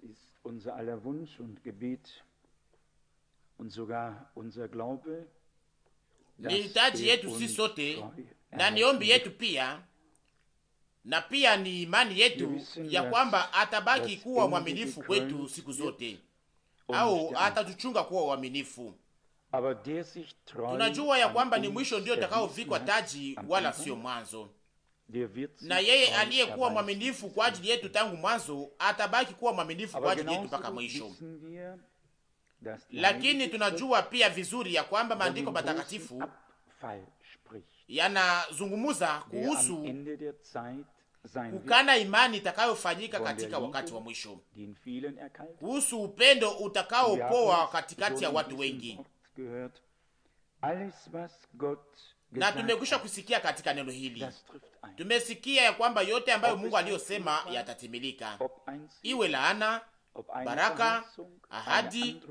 Das ist unser aller Wunsch und Gebet und sogar unser Glaube. Ni yetu sote na ni ombi yetu pia, na pia ni imani yetu ya kwamba atabaki kuwa mwaminifu kwetu siku zote, au atatuchunga kuwa waaminifu. Tunajua ya kwamba ni mwisho ndio utakaovikwa taji, wala sio mwanzo na yeye aliyekuwa mwaminifu kwa ajili yetu tangu mwanzo atabaki kuwa mwaminifu kwa ajili yetu mpaka mwisho. Lakini tunajua pia vizuri ya kwamba maandiko matakatifu yanazungumuza kuhusu kukana imani itakayofanyika katika wakati wa mwisho, kuhusu upendo utakaopoa katikati ya watu wengi na tumekwisha kusikia katika neno hili, tumesikia ya kwamba yote ambayo Mungu aliyosema yatatimilika, iwe laana, baraka, ahadi,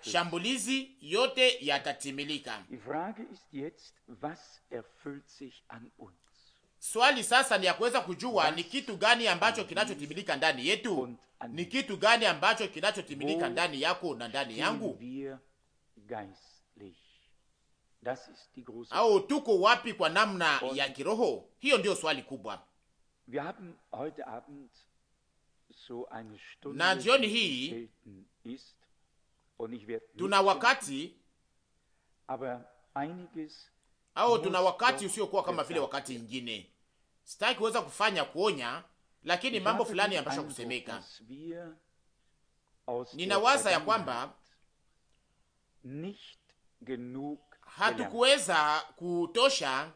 shambulizi, yote yatatimilika. Swali sasa ni ya kuweza kujua ni kitu gani ambacho kinachotimilika ndani yetu, ni kitu gani ambacho kinachotimilika ndani yako na ndani yangu au tuko wapi kwa namna ya kiroho? Hiyo ndiyo swali kubwa. So na jioni hii tuna wakati au tuna wakati usiokuwa kama vile wakati ingine. Sitaki kuweza kufanya kuonya, lakini mambo fulani yanapaswa kusemeka. Ninawaza ya kwamba hatukuweza kutosha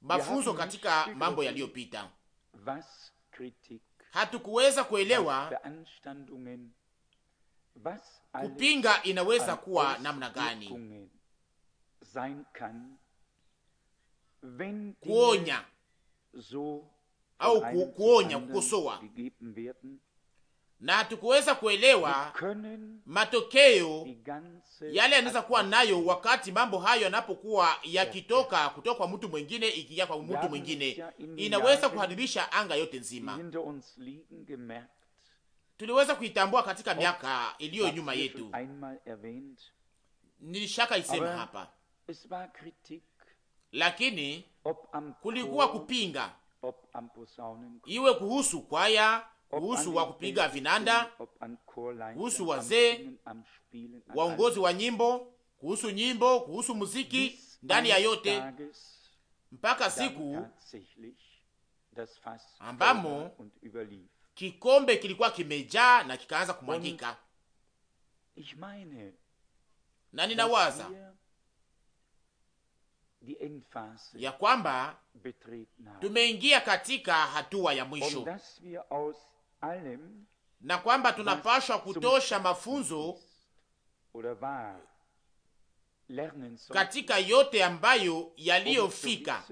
mafunzo katika mambo yaliyopita, hatukuweza kuelewa kupinga inaweza kuwa namna gani, kuonya au kuonya kukosoa na hatukuweza kuelewa matokeo yale yanaweza kuwa nayo wakati mambo hayo yanapokuwa yakitoka kutoka kwa mtu mwingine ikiingia kwa mtu mwingine, inaweza kuharibisha anga yote nzima. Tuliweza kuitambua katika miaka iliyo nyuma yetu, nilishaka isema hapa, lakini kulikuwa kupinga, iwe kuhusu kwaya kuhusu wa kupiga vinanda, kuhusu wazee, waongozi wa nyimbo, kuhusu nyimbo, kuhusu muziki, ndani ya yote mpaka siku ambamo kikombe kilikuwa kimejaa na kikaanza kumwagika. Na ninawaza ya kwamba tumeingia katika hatua ya mwisho na kwamba tunapashwa kutosha mafunzo katika yote ambayo yaliyofika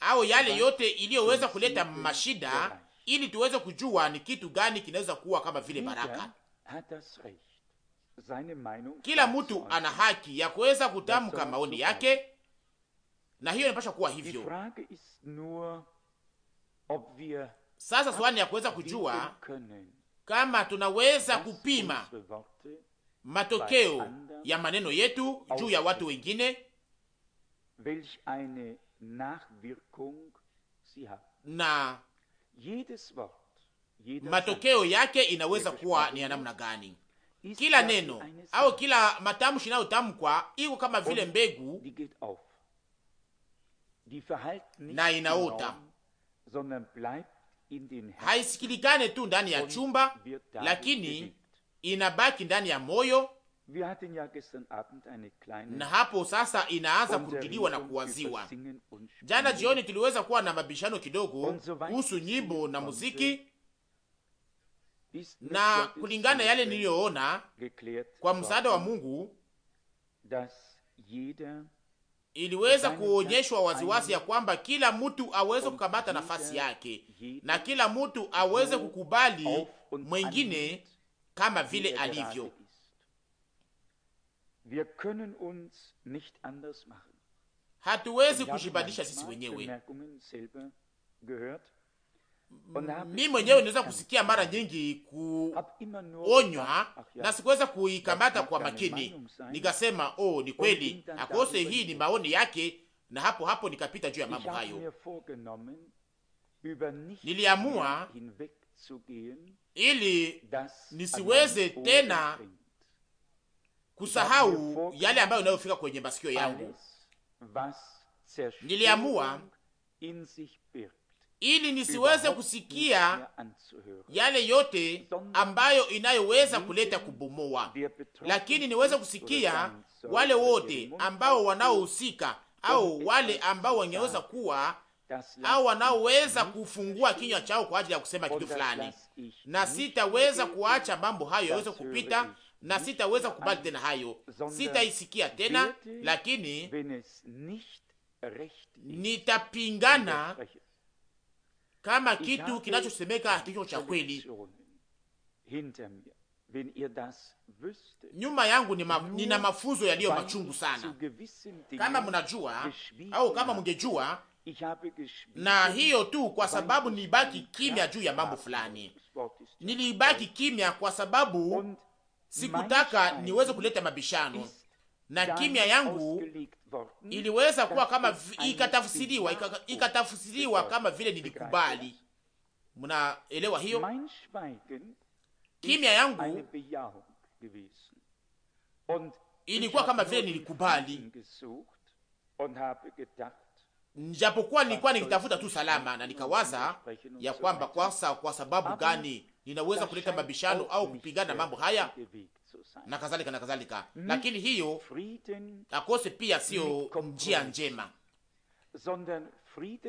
au yale yote iliyoweza kuleta mashida, ili tuweze kujua ni kitu gani kinaweza kuwa kama vile baraka. Kila mtu ana haki ya kuweza kutamka maoni yake, na hiyo inapaswa kuwa hivyo. Sasa swali ya kuweza kujua kama tunaweza kupima matokeo ya maneno yetu juu ya watu wengine na matokeo yake inaweza kuwa ni ya namna gani. Kila neno au kila matamshi inayotamkwa iko kama vile mbegu na inaota haisikilikane tu ndani ya chumba, lakini inabaki ndani ya moyo, na hapo sasa inaanza kurudiliwa na kuwaziwa. Jana jioni tuliweza kuwa na mabishano kidogo kuhusu nyimbo na muziki na kulingana yale niliyoona, kwa msaada wa Mungu iliweza kuonyeshwa waziwazi ya kwamba kila mtu aweze kukamata nafasi yake na kila mtu aweze kukubali mwengine kama vile alivyo. Hatuwezi kujibadilisha sisi wenyewe mimi mwenyewe niweza kusikia mara nyingi kuonywa na sikuweza kuikamata kwa makini, nikasema oh, ni kweli akose, hii ni maoni yake, na hapo hapo nikapita juu ya mambo hayo. Niliamua ili nisiweze tena kusahau yale ambayo inayofika kwenye masikio yangu. Niliamua ili nisiweze kusikia yale yote ambayo inayoweza kuleta kubomoa, lakini niweze kusikia wale wote ambao wanaohusika au wale ambao wangeweza kuwa au wanaoweza kufungua kinywa chao kwa ajili ya kusema kitu fulani, na sitaweza kuacha mambo hayo yaweze kupita, na sitaweza kubali tena hayo, sitaisikia tena, lakini nitapingana kama kitu kinachosemeka hakiko cha kweli. Nyuma yangu nina mafunzo yaliyo machungu sana. Kama mnajua au kama mngejua, na hiyo tu kwa sababu nilibaki kimya juu ya mambo fulani. Nilibaki kimya kwa sababu sikutaka niweze kuleta mabishano na kimya yangu iliweza kuwa kama ikatafsiriwa, ikatafsiriwa kama vile nilikubali. Mnaelewa hiyo? Kimya yangu ilikuwa kama vile nilikubali, japokuwa nilikuwa nikitafuta tu salama, na nikawaza um ya kwamba kwasa, kwa sababu gani ninaweza kuleta mabishano au kupigana mambo haya na kadhalika na kadhalika, mm-hmm. lakini hiyo akose pia sio njia njema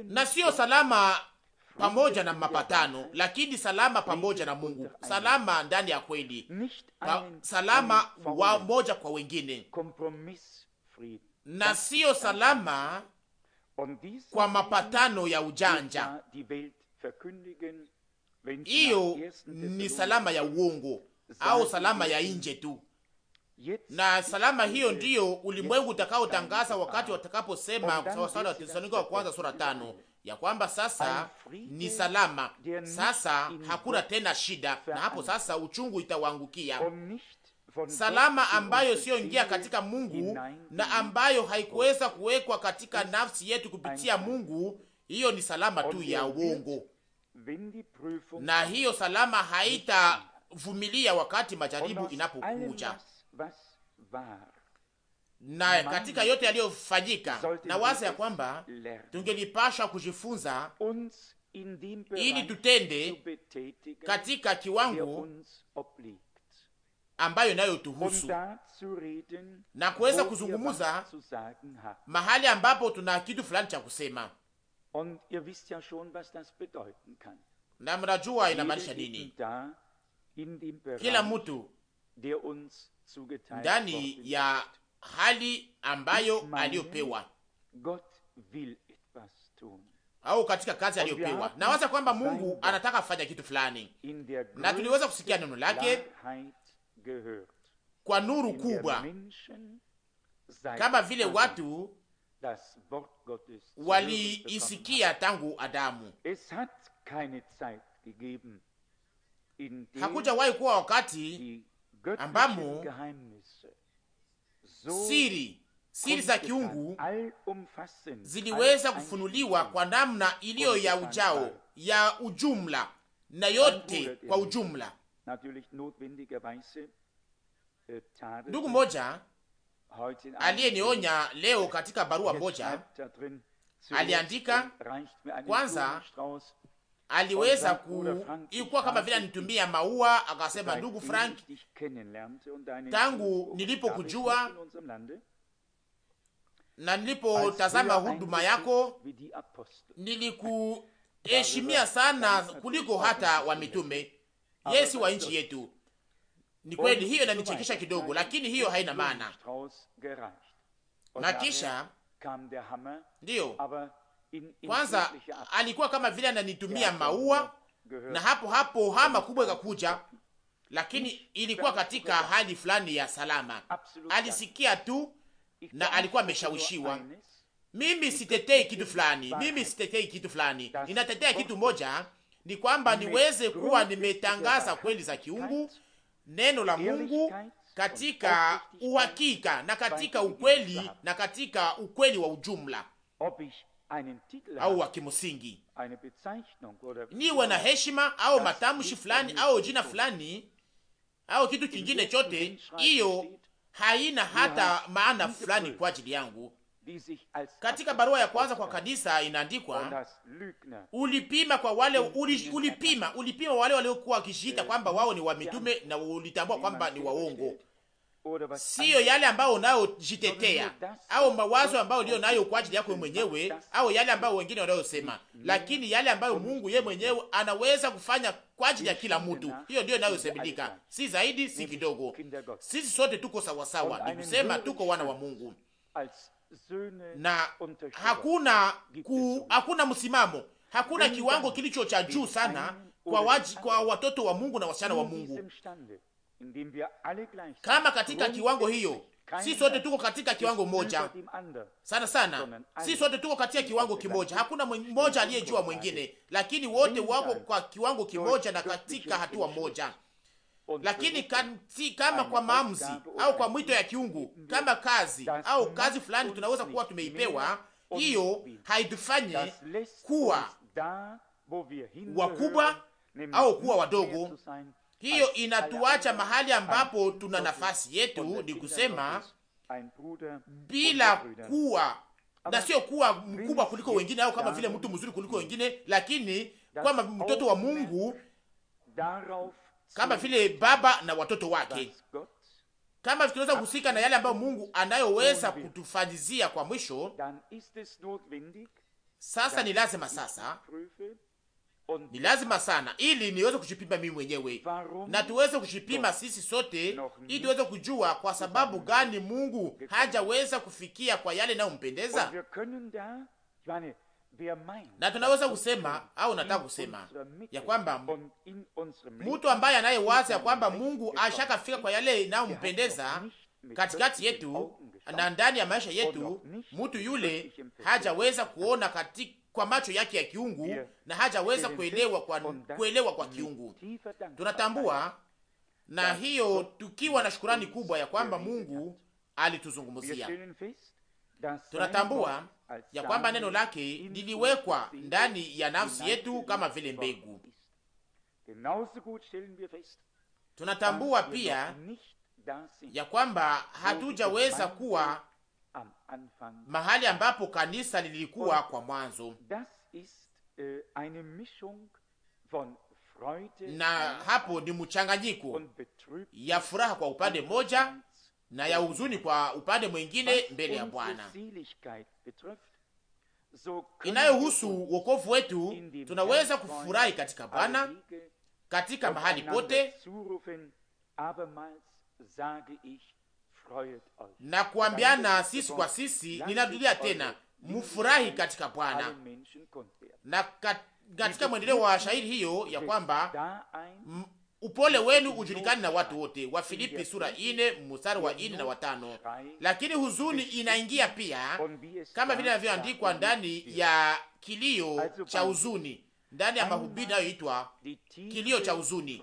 na sio salama pamoja na mapatano, lakini salama pamoja na Mungu, salama ndani ya kweli, salama wa moja kwa wengine, na sio salama kwa mapatano ya ujanja. Hiyo ni salama ya uongo au salama ya nje tu, na salama hiyo ndiyo ulimwengu utakaotangaza wakati watakaposema, sawasawa wa Tesalonika wa kwanza sura tano, ya kwamba sasa ni salama, sasa hakuna tena shida, na hapo sasa uchungu itawaangukia salama ambayo siyo ingia katika Mungu na ambayo haikuweza kuwekwa katika nafsi yetu kupitia Mungu. Hiyo ni salama tu ya uongo, na hiyo salama haita kuvumilia wakati majaribu inapokuja na katika yote yaliyofanyika, na waza ya kwamba tungelipasha kujifunza ili tutende katika kiwango ambayo inayotuhusu na kuweza kuzungumuza mahali ambapo tuna kitu fulani cha kusema, na mnajua inamaanisha nini kila mtu ndani ya hali ambayo aliyopewa au katika kazi aliyopewa. Nawaza kwamba Mungu anataka afanya kitu fulani, na tuliweza kusikia neno lake kwa nuru kubwa, kama vile watu waliisikia tangu Adamu hakuja wahi kuwa wakati ambamo siri siri za kiungu ziliweza kufunuliwa kwa namna iliyo ya ujao ya ujumla na yote kwa ujumla. Äh, Ndugu mmoja aliyenionya leo katika barua moja aliandika, äh, kwanza aliweza kuikuwa kama vile anitumia maua, akasema ndugu Frank, tangu nilipokujua na nilipotazama huduma yako nilikuheshimia sana er kuliko hata wa mitume, si wa nchi yetu. Ni kweli hiyo inanichekesha kidogo, lakini hiyo haina maana. Na kisha ndiyo kwanza alikuwa kama vile ananitumia maua, na hapo hapo hama kubwa ikakuja, lakini ilikuwa katika hali fulani ya salama. Alisikia tu na alikuwa ameshawishiwa. Mimi sitetei kitu fulani, mimi sitetei kitu fulani, ninatetea kitu moja, ni kwamba niweze kuwa nimetangaza kweli za kiungu, neno la Mungu katika uhakika na katika ukweli na katika ukweli wa ujumla au wa kimsingi, niwe na heshima au matamshi fulani au jina fulani au kitu kingine chote, hiyo haina hata maana fulani kwa ajili yangu. Katika barua ya kwanza kwa kanisa inaandikwa, ulipima kwa wale uli, ulipima ulipima wale waliokuwa wakijiita kwamba wao ni wa mitume na ulitambua kwamba ni waongo siyo yale ambayo unayojitetea au mawazo ambayo liyo nayo kwa ajili yako mwenyewe au yale ambayo wengine wanayosema, mm-hmm. Mm-hmm. lakini yale ambayo Mungu ye mwenyewe anaweza kufanya kwa ajili ya kila mtu. Hiyo ndiyo inayosemedika, si zaidi si kidogo. Sisi sote tuko sawasawa, ni kusema tuko wana wa Mungu na hakuna ku, hakuna msimamo, hakuna kiwango kilicho cha juu sana kwa, waji, kwa watoto wa Mungu na wasichana wa Mungu kama katika kiwango hiyo, si sote tuko katika kiwango moja sana sana, si sote tuko katika kiwango kimoja. Hakuna mmoja aliyejua mwingine, lakini wote wako kwa kiwango kimoja na katika hatua moja lakini kati, kama kwa maamuzi au kwa mwito ya kiungu, kama kazi au kazi fulani tunaweza kuwa tumeipewa, hiyo haitufanye kuwa wakubwa au kuwa wadogo, hiyo inatuacha mahali ambapo tuna nafasi yetu, ni kusema bila kuwa na sio kuwa mkubwa kuliko wengine au kama vile mtu mzuri kuliko hmm. wengine, lakini kwamba mtoto wa Mungu kama vile baba na watoto wake, kama tunaweza kuhusika na yale ambayo Mungu anayoweza kutufanyizia kwa mwisho. Sasa ni lazima sasa ni lazima sana, ili niweze kujipima mimi mwenyewe na tuweze kujipima sisi sote, ili tuweze kujua kwa sababu gani Mungu hajaweza kufikia kwa yale nayompendeza, na tunaweza kusema au nataka kusema ya kwamba mtu ambaye anayewaza ya kwamba Mungu ashakafika kwa yale inayompendeza katikati yetu na ndani ya maisha yetu, mtu yule hajaweza kuona katika kwa macho yake ya kiungu na hajaweza kuelewa kwa, kuelewa kwa kiungu. Tunatambua na hiyo tukiwa na shukurani kubwa ya kwamba Mungu alituzungumzia. Tunatambua ya kwamba neno lake liliwekwa ndani ya nafsi yetu kama vile mbegu. Tunatambua pia ya kwamba hatujaweza kuwa mahali ambapo kanisa lilikuwa kwa mwanzo, äh, na hapo ni mchanganyiko ya furaha kwa upande mmoja na ya huzuni kwa upande mwingine mbele ya Bwana. Inayohusu wokovu wetu, tunaweza kufurahi katika Bwana katika mahali pote na kuambiana yaani sisi kwa sisi, yaani ninarudia tena, mfurahi katika Bwana. Na katika mwendeleo wa shairi hiyo ya kwamba upole wenu ujulikani na watu wote, wa Filipi sura ine mstari wa ine na watano. Lakini huzuni inaingia pia, kama vile inavyoandikwa ndani ya kilio cha huzuni, ndani ya mahubiri nayoitwa kilio cha huzuni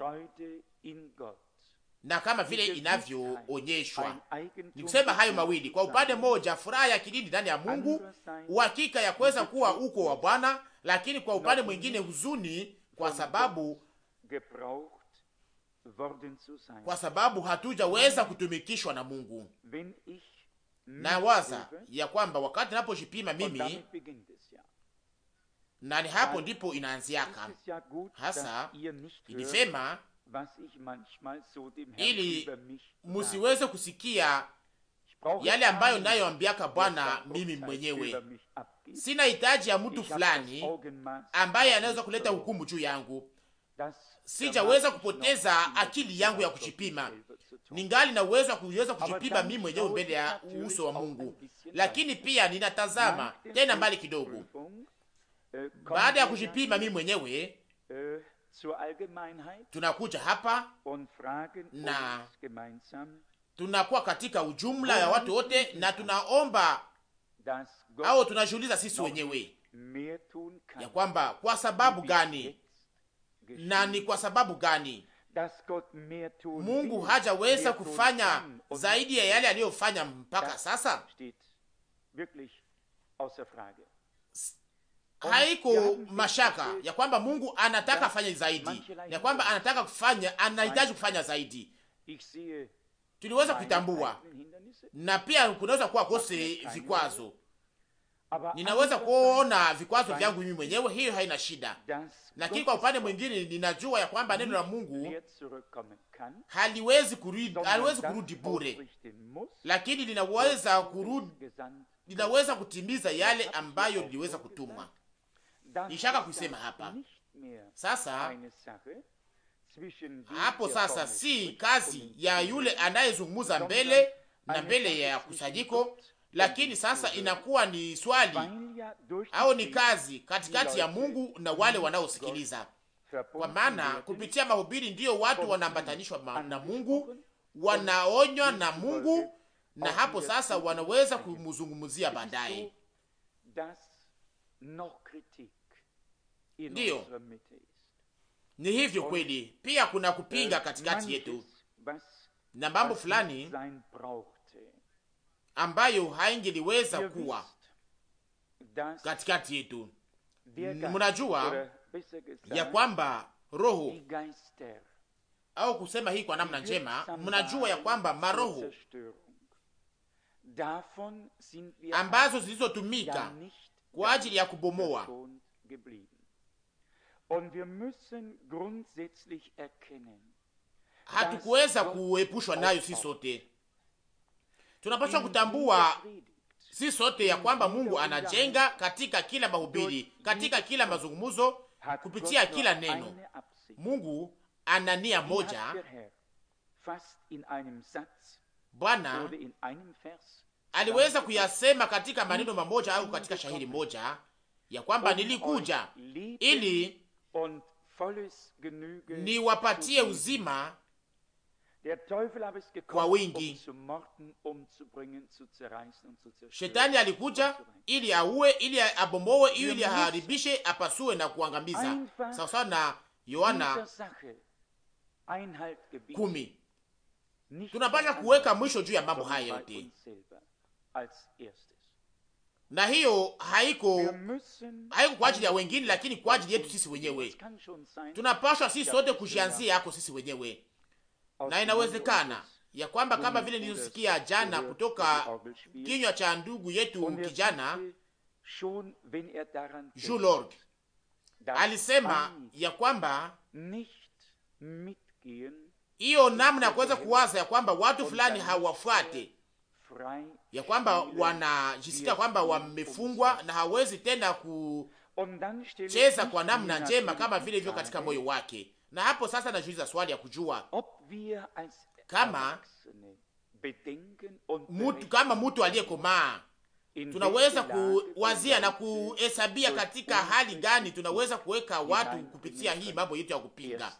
na kama vile inavyoonyeshwa. Nikusema hayo mawili kwa upande mmoja, furaha ya kidini ndani ya Mungu, uhakika ya kuweza kuwa uko wa Bwana, lakini kwa upande mwingine huzuni, kwa sababu kwa sababu hatujaweza kutumikishwa na Mungu. Na waza ya kwamba wakati napojipima mimi na ni hapo ndipo inaanziaka hasa, ni vema ili musiweze kusikia yale ambayo nayoambiaka Bwana. Mimi mwenyewe sina hitaji ya mtu fulani ambaye anaweza kuleta hukumu juu yangu. Sijaweza kupoteza akili yangu ya um ni ningali na uwezo wa kuweza kujipima mimi mwenyewe mbele ya uso wa Mungu, lakini pia ninatazama tena mbali kidogo, äh, baada ya kujipima mimi mwenyewe äh, tunakuja hapa um na tunakuwa katika ujumla ya watu wote, na tunaomba au tunajiuliza sisi wenyewe ya kwamba kwa sababu gani na ni kwa sababu gani Mungu hajaweza kufanya zaidi ya yale aliyofanya mpaka sasa haiko mashaka ya kwamba Mungu anataka afanye zaidi, ya kwamba anataka kufanya, anahitaji kufanya zaidi. Tuliweza kuitambua, na pia kunaweza kuwa kose vikwazo. Ninaweza kuona vikwazo vyangu mimi mwenyewe, hiyo haina shida, lakini kwa upande mwingine ninajua ya kwamba neno la Mungu haliwezi kurudi, haliwezi kurudi bure, lakini linaweza kurudi, linaweza kutimiza er yale ambayo liliweza kutumwa. Nishaka kusema hapa sasa hapo sasa, si kazi ya yule anayezungumza mbele na mbele ya kusajiko lakini sasa inakuwa ni swali au ni kazi katikati ya Mungu na wale wanaosikiliza, kwa maana kupitia mahubiri ndiyo watu wanaambatanishwa na Mungu, wanaonywa na Mungu, na hapo sasa wanaweza kumzungumzia baadaye Ndiyo, ni hivyo kweli. Pia kuna kupinga katikati yetu na mambo fulani ambayo haingiliweza kuwa katikati yetu. Mnajua ya kwamba roho au kusema hii kwa namna njema, mnajua ya kwamba maroho ambazo zilizotumika kwa ajili ya kubomoa hatukuweza kuepushwa nayo. Si sote tunapaswa kutambua, si sote ya kwamba Mungu anajenga katika kila mahubiri, katika kila mazungumzo, kupitia kila neno. Mungu ana nia moja. Bwana aliweza kuyasema katika maneno mamoja au katika shahiri moja ya kwamba nilikuja ili niwapatie uzima kwa wingi. Um um Shetani alikuja um ili auwe, ili abomowe, ili aharibishe, apasue na kuangamiza, sawasawa na Yohana kumi. Tunapasha kuweka mwisho juu ya mambo haya yote na hiyo haiko haiko kwa ajili ya wengine, lakini kwa ajili yetu sisi wenyewe. Tunapashwa sisi sote kujianzia yako sisi wenyewe, na inawezekana ya kwamba kama vile nilisikia jana kutoka kinywa cha ndugu yetu kijana julorg alisema ya kwamba hiyo namna ya kuweza kuwaza ya kwamba watu fulani hawafuate ya kwamba wanajisikia kwamba wamefungwa na hawezi tena kucheza kwa namna njema kama vile hivyo katika moyo wake. Na hapo sasa najiuliza swali ya kujua kama mutu, kama mtu aliyekomaa tunaweza kuwazia na kuhesabia katika hali gani tunaweza kuweka watu kupitia hii mambo yetu ya kupinga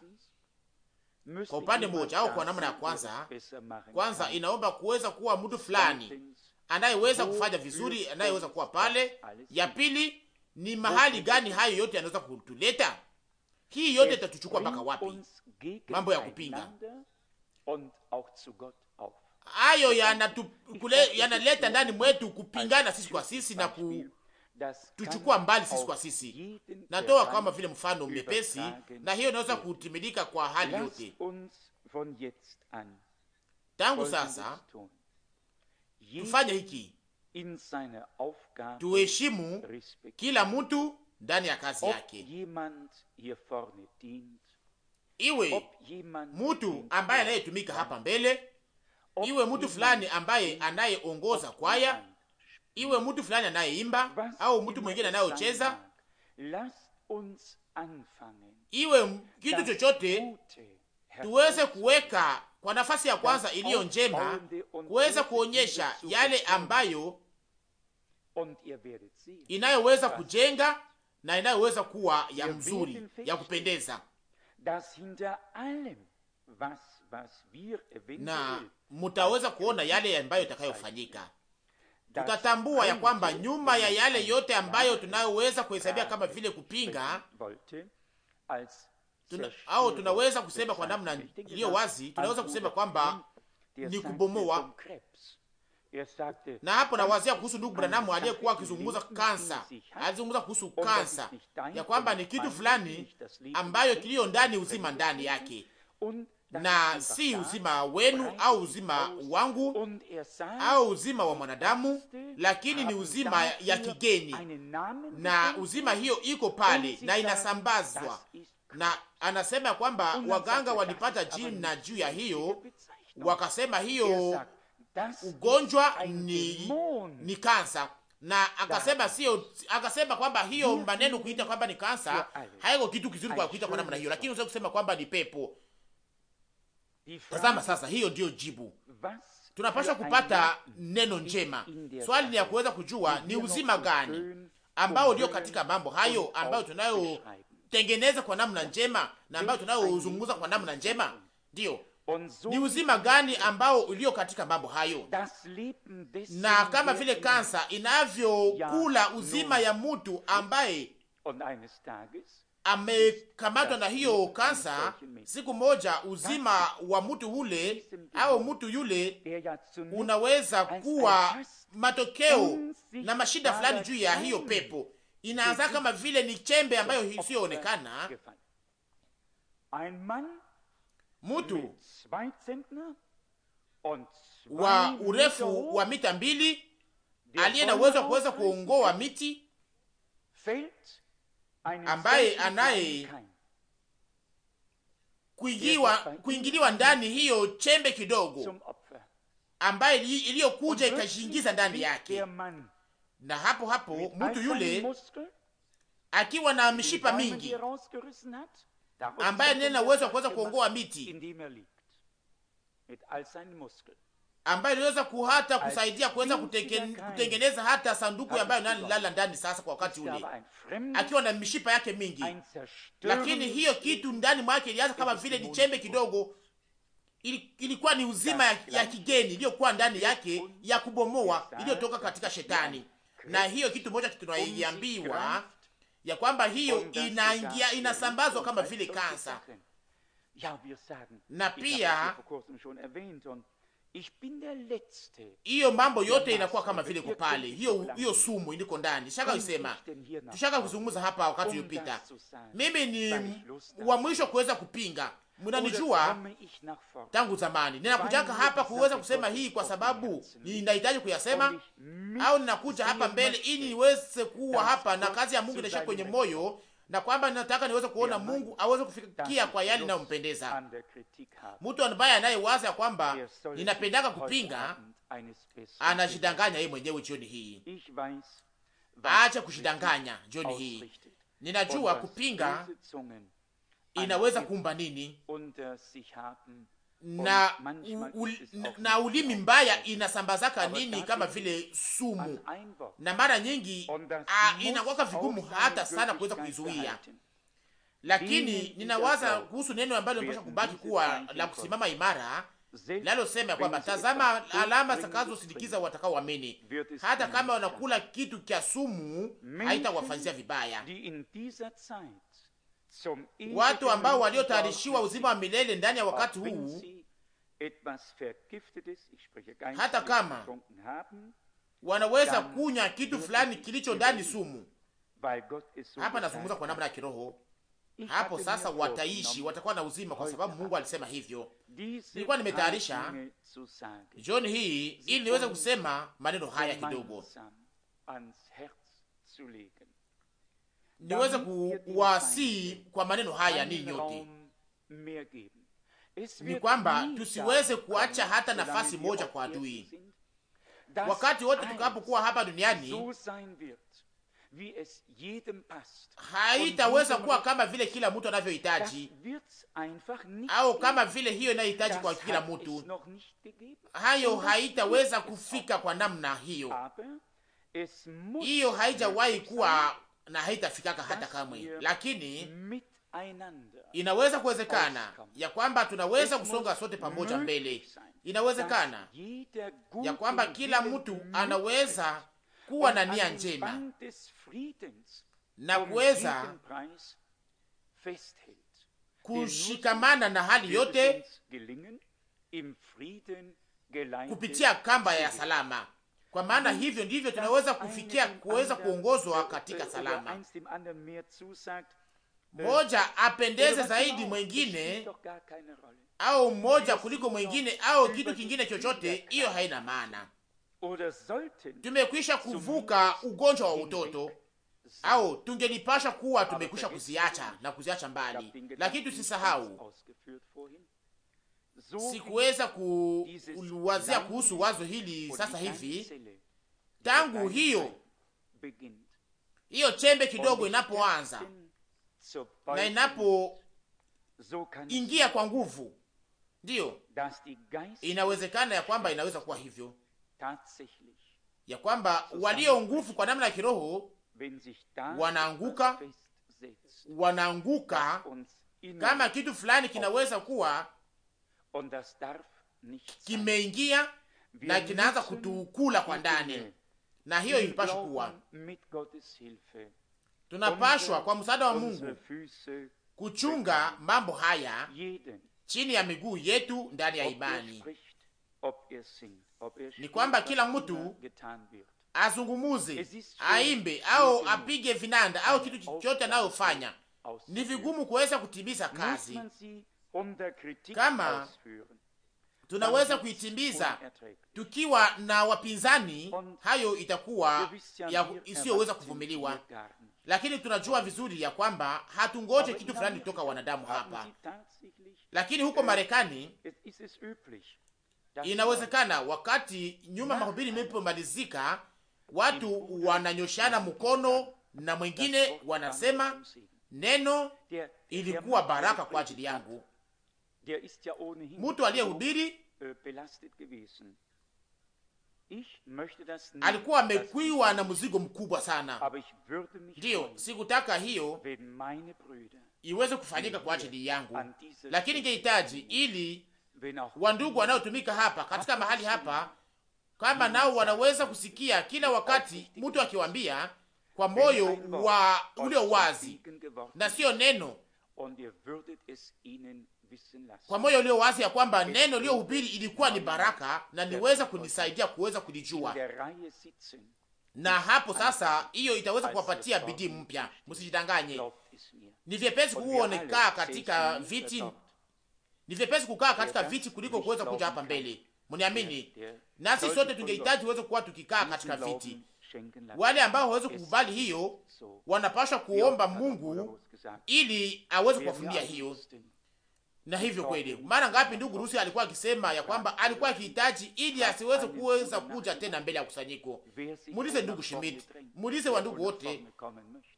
kwa upande mmoja au kwa namna ya kwanza, uh, kwanza inaomba kuweza kuwa mtu fulani anayeweza kufanya vizuri, anayeweza kuwa pale. Ya pili ni mahali gani hayo yote yanaweza kutuleta? Hii yote itatuchukua mpaka wapi? Mambo ya kupinga hayo yanaleta ndani mwetu kupingana sisi kwa sisi na ku tuchukua mbali sisi kwa sisi. Natoa kama vile mfano mepesi na hiyo inaweza kutimilika kwa hali yote. Tangu sasa tufanye hiki, tuheshimu kila mtu ndani ya kazi yake, iwe mtu ambaye anayetumika hapa mbele, iwe mtu fulani ambaye anayeongoza kwaya iwe mtu fulani anayeimba au mtu mwingine anayocheza iwe kitu chochote, tuweze kuweka kwa nafasi ya kwanza iliyo njema, kuweza kuonyesha yale ambayo inayoweza kujenga na inayoweza kuwa ya mzuri ya kupendeza na mutaweza kuona yale ambayo itakayofanyika tutatambua ya kwamba nyuma ya yale yote ambayo tunayoweza kuhesabia kama vile kupinga tuna, au tunaweza kusema kwa namna iliyo wazi, tunaweza kusema kwamba ni kubomoa. Na hapo nawazia kuhusu ndugu Branamu aliyekuwa akizungumza kansa, alizungumza kuhusu kansa ya kwamba ni kitu fulani ambayo kiliyo ndani uzima ndani yake na si uzima wenu au uzima wangu au uzima wa mwanadamu, lakini ni uzima ya kigeni, na uzima hiyo iko pale na inasambazwa, na anasema kwamba waganga walipata jina juu ya hiyo, wakasema hiyo ugonjwa ni, ni kansa na akasema sio, akasema kwamba hiyo maneno kuita kwamba ni kansa haiko kitu kizuri kwa kuita kwa namna hiyo, lakini unaweza kusema kwamba ni pepo Tazama sasa, hiyo ndiyo jibu tunapaswa kupata. Neno njema, swali ni ya kuweza kujua ni uzima gani ambao ulio katika mambo hayo ambayo tunayotengeneza kwa namna njema na ambayo tunayozunguza kwa namna njema, ndiyo ni uzima gani ambao ulio katika mambo hayo. Na kama vile kansa inavyokula uzima ya mtu ambaye amekamatwa na hiyo kansa, siku moja uzima wa mtu ule au mtu yule unaweza kuwa matokeo na mashida fulani juu ya hiyo pepo. Inaanza kama vile ni chembe ambayo isiyoonekana. Mtu wa urefu wa mita mbili aliye na uwezo wa kuweza kuongoa miti ambaye anaye kuingiwa kuingiliwa ndani hiyo chembe kidogo ambaye iliyokuja ikashingiza ndani yake, na hapo hapo mtu yule akiwa na mishipa mingi ambaye nena uwezo wa kuweza kuongoa miti ambayo iliweza hata kusaidia kuweza kutengeneza hata sanduku ambayo nani lala ndani sasa kwa wakati ule, akiwa na mishipa yake mingi, lakini hiyo kitu ndani mwake ilianza kama vile ni chembe kidogo ilikuwa ni uzima ya, ya kigeni iliyokuwa ndani yake ya kubomoa iliyotoka katika shetani. Na hiyo kitu moja tunaiambiwa ya kwamba hiyo inaingia inasambazwa kama vile kansa, na pia hiyo mambo yote inakuwa kama vile ko pale, hiyo hiyo sumu iliko ndani. Shaka isema tushaka kuzungumza hapa wakati um uliopita, mimi ni wa mwisho kuweza kupinga, mnanijua tangu zamani. Ninakujaka hapa kuweza kusema hii kwa sababu ninahitaji kuyasema, au ninakuja hapa mbele ili niweze kuwa hapa na kazi ya Mungu inaisha kwenye moyo na kwamba ninataka niweze kuona Mungu aweze kufikia kwa yale inayompendeza. Mtu ambaye anayewaza ya kwamba ninapendaka kupinga anajidanganya yeye mwenyewe jioni hii. Acha kushidanganya jioni hii. Ninajua kupinga inaweza kuumba nini na, u, na ulimi mbaya inasambazaka nini kama vile sumu, na mara nyingi ah, inakwaka vigumu hata sana kuweza kuizuia, lakini ninawaza kuhusu neno ambalo limepasha kubaki kuwa la kusimama imara linalosema kwamba tazama alama zitakazosindikiza watakaoamini, hata kama wanakula kitu cha sumu haitawafanyia vibaya. Watu ambao waliotayarishiwa uzima wa milele ndani ya wakati huu hata kama wanaweza kunywa kitu fulani kilicho ndani sumu. Hapa nazungumza kwa namna ya kiroho. Hapo sasa wataishi, watakuwa na uzima, kwa sababu Mungu alisema hivyo. Nilikuwa nimetayarisha jioni hii ili niweze kusema maneno haya kidogo, niweze kuwasii kwa maneno haya ni nyote ni kwamba tusiweze kuacha hata nafasi moja kwa adui. Wakati wote tukapokuwa hapa duniani, haitaweza kuwa kama vile kila mtu anavyohitaji au kama vile hiyo inayohitaji kwa kila mtu. Hayo haitaweza kufika kwa namna hiyo, hiyo haijawahi kuwa na haitafikaka hata kamwe, lakini Inaweza kuwezekana ya kwamba tunaweza kusonga sote pamoja mbele. Inawezekana ya kwamba kila mtu anaweza kuwa na nia njema na kuweza kushikamana na hali yote kupitia kamba ya salama, kwa maana hivyo ndivyo tunaweza kufikia kuweza kuongozwa katika äh, salama moja apendeze zaidi mwengine au mmoja kuliko mwengine au kitu kingine chochote, hiyo haina maana. Tumekwisha kuvuka ugonjwa wa utoto, au tungelipasha kuwa tumekwisha kuziacha na kuziacha mbali, lakini tusisahau. Sikuweza kuwazia kuhusu wazo hili sasa hivi. Tangu hiyo hiyo chembe kidogo inapoanza na inapoingia kwa nguvu, ndiyo inawezekana ya kwamba inaweza kuwa hivyo ya kwamba walio nguvu kwa namna ya kiroho wanaanguka, wanaanguka kama kitu fulani kinaweza kuwa kimeingia na kinaanza kutukula kwa ndani, na hiyo ilipashwa kuwa tunapashwa kwa msaada wa Mungu kuchunga mambo haya chini ya miguu yetu ndani ya imani. Ni kwamba kila mtu azungumuze, aimbe au apige vinanda au kitu chochote anayofanya, ni vigumu kuweza kutimiza kazi um kama tunaweza kuitimiza tukiwa na wapinzani, hayo itakuwa isiyoweza kuvumiliwa lakini tunajua vizuri ya kwamba hatungoje kitu fulani kutoka wanadamu hapa, lakini huko Marekani inawezekana wakati nyuma mahubiri imepomalizika, watu wananyoshana mkono na mwingine wanasema neno ilikuwa baraka kwa ajili yangu. Mtu aliyehubiri äh, alikuwa amekwiwa na mzigo mkubwa sana. Ndiyo, sikutaka hiyo iweze kufanyika kwa ajili yangu, lakini ngehitaji ili wandugu wanaotumika hapa katika mahali hapa, kama nao wanaweza kusikia kila wakati mtu akiwambia kwa moyo wa ulio wazi na sio neno kwa moyo ulio wazi ya kwamba neno hubiri ilikuwa ni baraka na niweza kunisaidia kuweza kulijua, na hapo sasa hiyo itaweza kuwapatia bidii mpya. Msijidanganye, ni vyepesi kuonekana katika viti, ni vyepesi kukaa katika viti kuliko kuweza kuja hapa mbele. Mniamini, nasi sote tungehitaji uweze kuwa tukikaa katika viti. Wale ambao hawezi kukubali hiyo wanapaswa kuomba Mungu ili aweze kuwafundia hiyo na hivyo kweli, mara ngapi ndugu Rusi alikuwa akisema ya kwamba alikuwa akihitaji ili asiweze kuweza kuja tena mbele ya kusanyiko. Muulize ndugu Schmidt, muulize wa ndugu wote,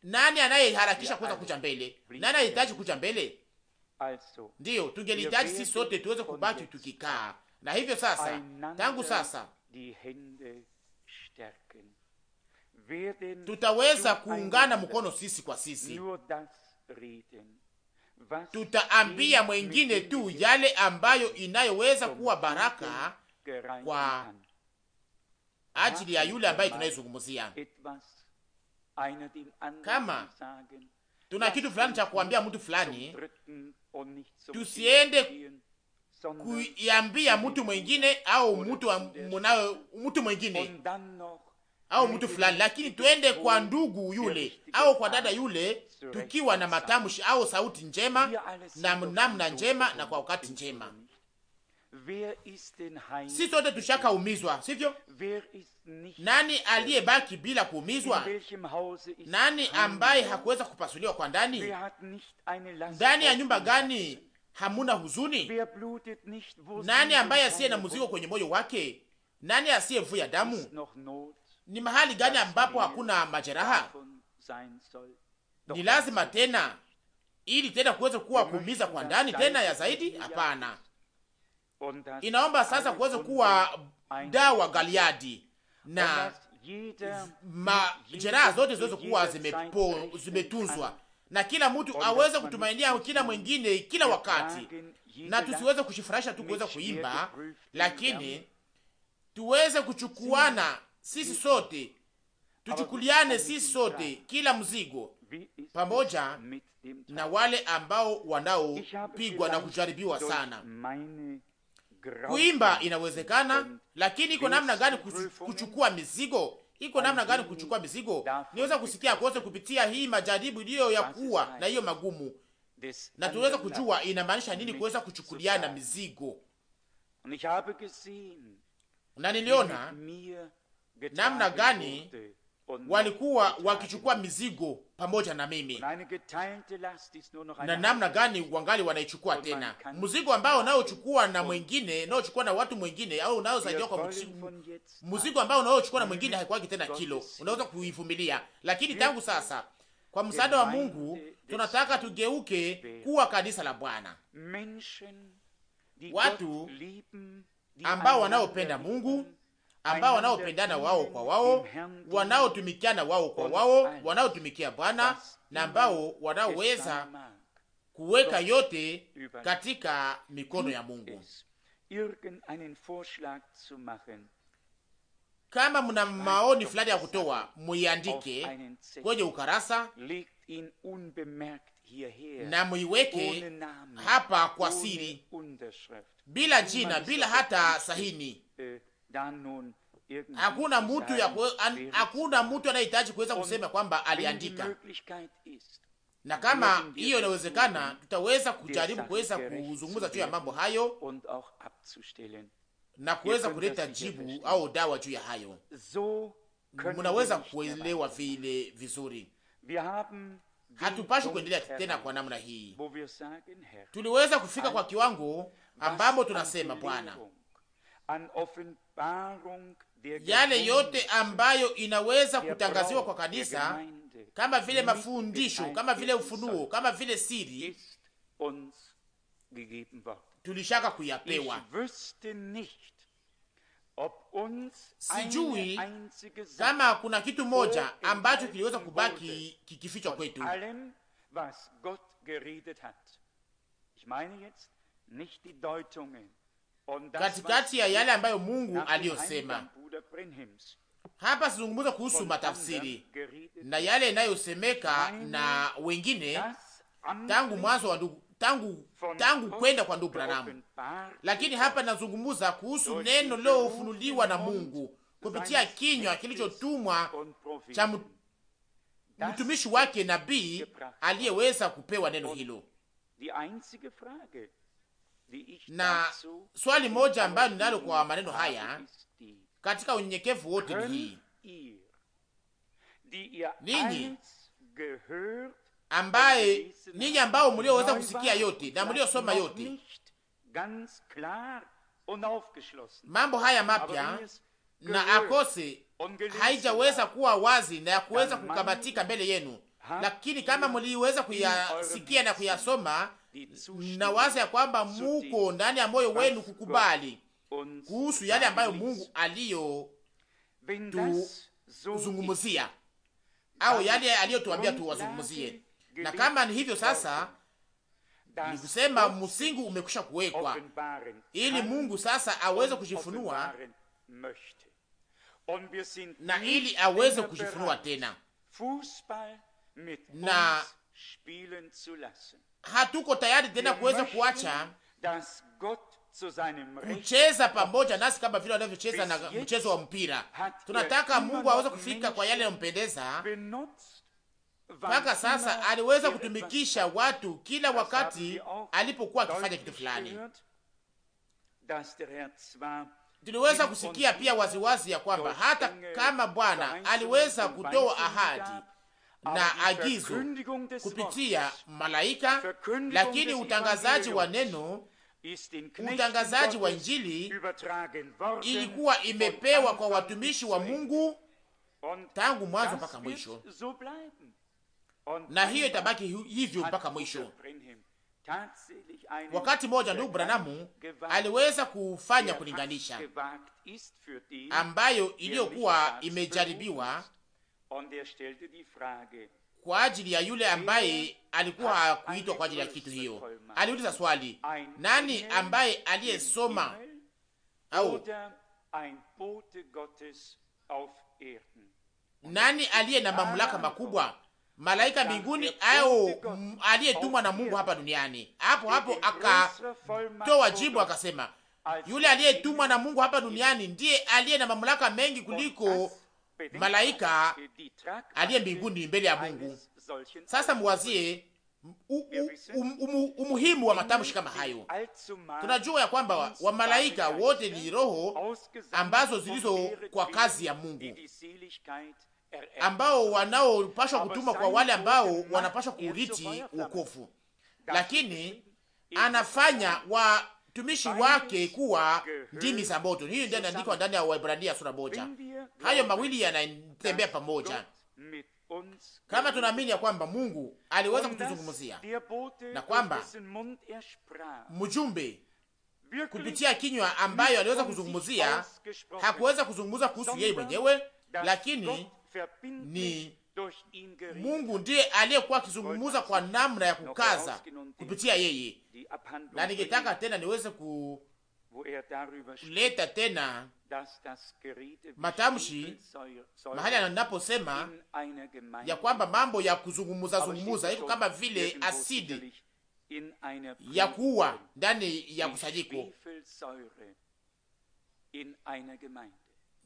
nani anayeharakisha kuweza kuja mbele? Nani anahitaji kuja mbele? Ndiyo, tungelihitaji sisi sote tuweze kubaki tukikaa. Na hivyo sasa, tangu sasa tutaweza kuungana mkono sisi kwa sisi tutaambia mwengine tu yale ambayo inayoweza kuwa baraka kwa ajili ya yule ambaye tunayezungumzia. Kama tuna kitu fulani cha kuambia mtu fulani, tusiende kuiambia mtu mwengine au mtu mtu mwengine au mtu fulani, lakini tuende kwa ndugu yule au kwa dada yule tukiwa na matamshi au sauti njema na namna njema na kwa wakati njema. Si sote tushakaumizwa, sivyo? Nani aliyebaki bila kuumizwa? Nani ambaye hakuweza kupasuliwa kwa ndani? Ndani ya nyumba gani hamuna huzuni? Nani ambaye asiye na mzigo kwenye moyo wake? Nani asiyevuya damu? Ni mahali gani ambapo hakuna majeraha? ni lazima tena, ili tena kuweza kuwa kuumiza kwa ndani tena ya zaidi? Hapana, inaomba sasa kuweza kuwa dawa Galiadi na majeraha zote ziweze kuwa zimetunzwa na kila mtu aweze kutumainia kila mwingine kila wakati, na tusiweze kushifurahisha tu kuweza kuimba, lakini tuweze kuchukuana sisi sote, tuchukuliane sisi sote kila mzigo pamoja na wale ambao wanaopigwa na kujaribiwa sana. Kuimba inawezekana, lakini iko namna gani kuchukua mizigo? Iko namna gani kuchukua mizigo? Niweza kusikia kose kupitia hii majaribu iliyo ya kuwa na hiyo magumu, na tunaweza kujua inamaanisha nini kuweza kuchukuliana mizigo na niliona namna gani walikuwa wakichukua mizigo pamoja na mimi, na namna gani wangali wanaichukua tena mzigo ambao unaochukua na mwingine unaochukua na watu mwengine au unaosaidiwa kwa mzigo ambao unaochukua na mwingine, haikuwaki tena kilo, unaweza kuivumilia. Lakini tangu sasa, kwa msaada wa Mungu, tunataka tugeuke kuwa kanisa la Bwana, watu ambao wanaopenda Mungu ambao wanaopendana wao kwa wao, wanaotumikiana wao kwa wao, wanaotumikia Bwana na ambao wanaoweza kuweka yote katika mikono ya Mungu. Kama mna maoni fulani ya kutoa, muiandike kwenye ukarasa na muiweke hapa kwa siri, bila jina, bila hata sahini. Äh, hakuna mtu ya hakuna mtu anayehitaji kuweza kusema kwamba aliandika, na kama hiyo inawezekana, tutaweza kujaribu kuweza kuzungumza juu ya mambo hayo na kuweza kuleta jibu au dawa juu ya hayo. munaweza kuelewa vile vizuri. Hatupashi kuendelea tena kwa namna hii. Tuliweza kufika kwa kiwango ambapo tunasema Bwana, yale yote ambayo inaweza kutangaziwa kwa kanisa, kama vile mafundisho, kama vile ufunuo, kama vile siri, tulishaka kuyapewa. Sijui kama kuna kitu moja ambacho kiliweza kubaki kikifichwa kwetu katikati ya yale ambayo Mungu aliyosema. Hapa sizungumza kuhusu matafsiri na yale inayosemeka na wengine tangu mwanzo wa ndugu tangu tangu kwenda kwa ndugu Branham, lakini hapa nazungumza kuhusu neno lilofunuliwa na Mungu kupitia kinywa kilichotumwa cha mtumishi wake nabii aliyeweza kupewa neno hilo. Na swali moja ambayo ninalo kwa maneno haya katika unyenyekevu wote ni hii: ninyi ambaye ninyi ambao mlioweza kusikia yote na mliosoma yote mambo haya mapya na akose haijaweza kuwa wazi na ya kuweza kukamatika mbele yenu, lakini kama mliweza kuyasikia na kuyasoma na waza ya kwamba muko ndani ya moyo wenu kukubali kuhusu yale ambayo Mungu aliyo tuzungumuzia au yale aliyotuambia tuwazungumuzie. Na kama ni hivyo sasa, ni kusema msingi umekwisha kuwekwa ili Mungu sasa aweze kujifunua na ili aweze kujifunua tena na hatuko tayari tena kuweza kuacha kucheza pamoja nasi kama vile wanavyocheza na mchezo wa mpira. Tunataka Mungu aweze kufika kwa yale yanayompendeza. Mpaka sasa aliweza kutumikisha watu kila wakati alipokuwa akifanya kitu fulani. Tuliweza kusikia pia waziwazi ya kwamba hata kama Bwana aliweza kutoa ahadi na agizo kupitia malaika, lakini utangazaji wa neno, utangazaji wa Injili ilikuwa imepewa kwa watumishi wa Mungu tangu mwanzo mpaka mwisho, na hiyo itabaki hivyo mpaka mwisho. Wakati mmoja ndugu Branamu aliweza kufanya kulinganisha ambayo iliyokuwa imejaribiwa kwa ajili ya yule ambaye alikuwa hakuitwa kwa ajili ya kitu hiyo. Aliuliza swali, nani ambaye aliyesoma au nani aliye na mamlaka makubwa, malaika mbinguni au aliyetumwa na Mungu hapa duniani? Hapo hapo akatoa jibu akasema, yule aliyetumwa na Mungu hapa duniani ndiye aliye na mamlaka mengi kuliko malaika aliye mbinguni mbele ya Mungu. Sasa mwazie um-, umuhimu wa matamshi kama hayo. Tunajua ya kwamba wamalaika malaika wote ni roho ambazo zilizo kwa kazi ya Mungu, ambao wanaopashwa kutuma kwa wale ambao wanapashwa kuriti wokovu, lakini anafanya wa mtumishi wake kuwa ndimi za moto. Hiyo ndio inaandikwa ndani ya Waebrania sura moja. Hayo mawili yanatembea pamoja. Kama tunaamini ya kwamba Mungu aliweza kutuzungumzia na kwamba er mjumbe kupitia kinywa ambayo aliweza kuzungumzia hakuweza kuzungumza kuhusu yeye mwenyewe, lakini ni Mungu ndiye aliyekuwa akizungumuza kwa namna ya kukaza kupitia yeye, na ningetaka tena niweze kuleta er tena matamshi mahali anaposema ya kwamba mambo ya kuzungumuza zungumuza iko kama vile asidi ya kuwa ndani ya kusajiko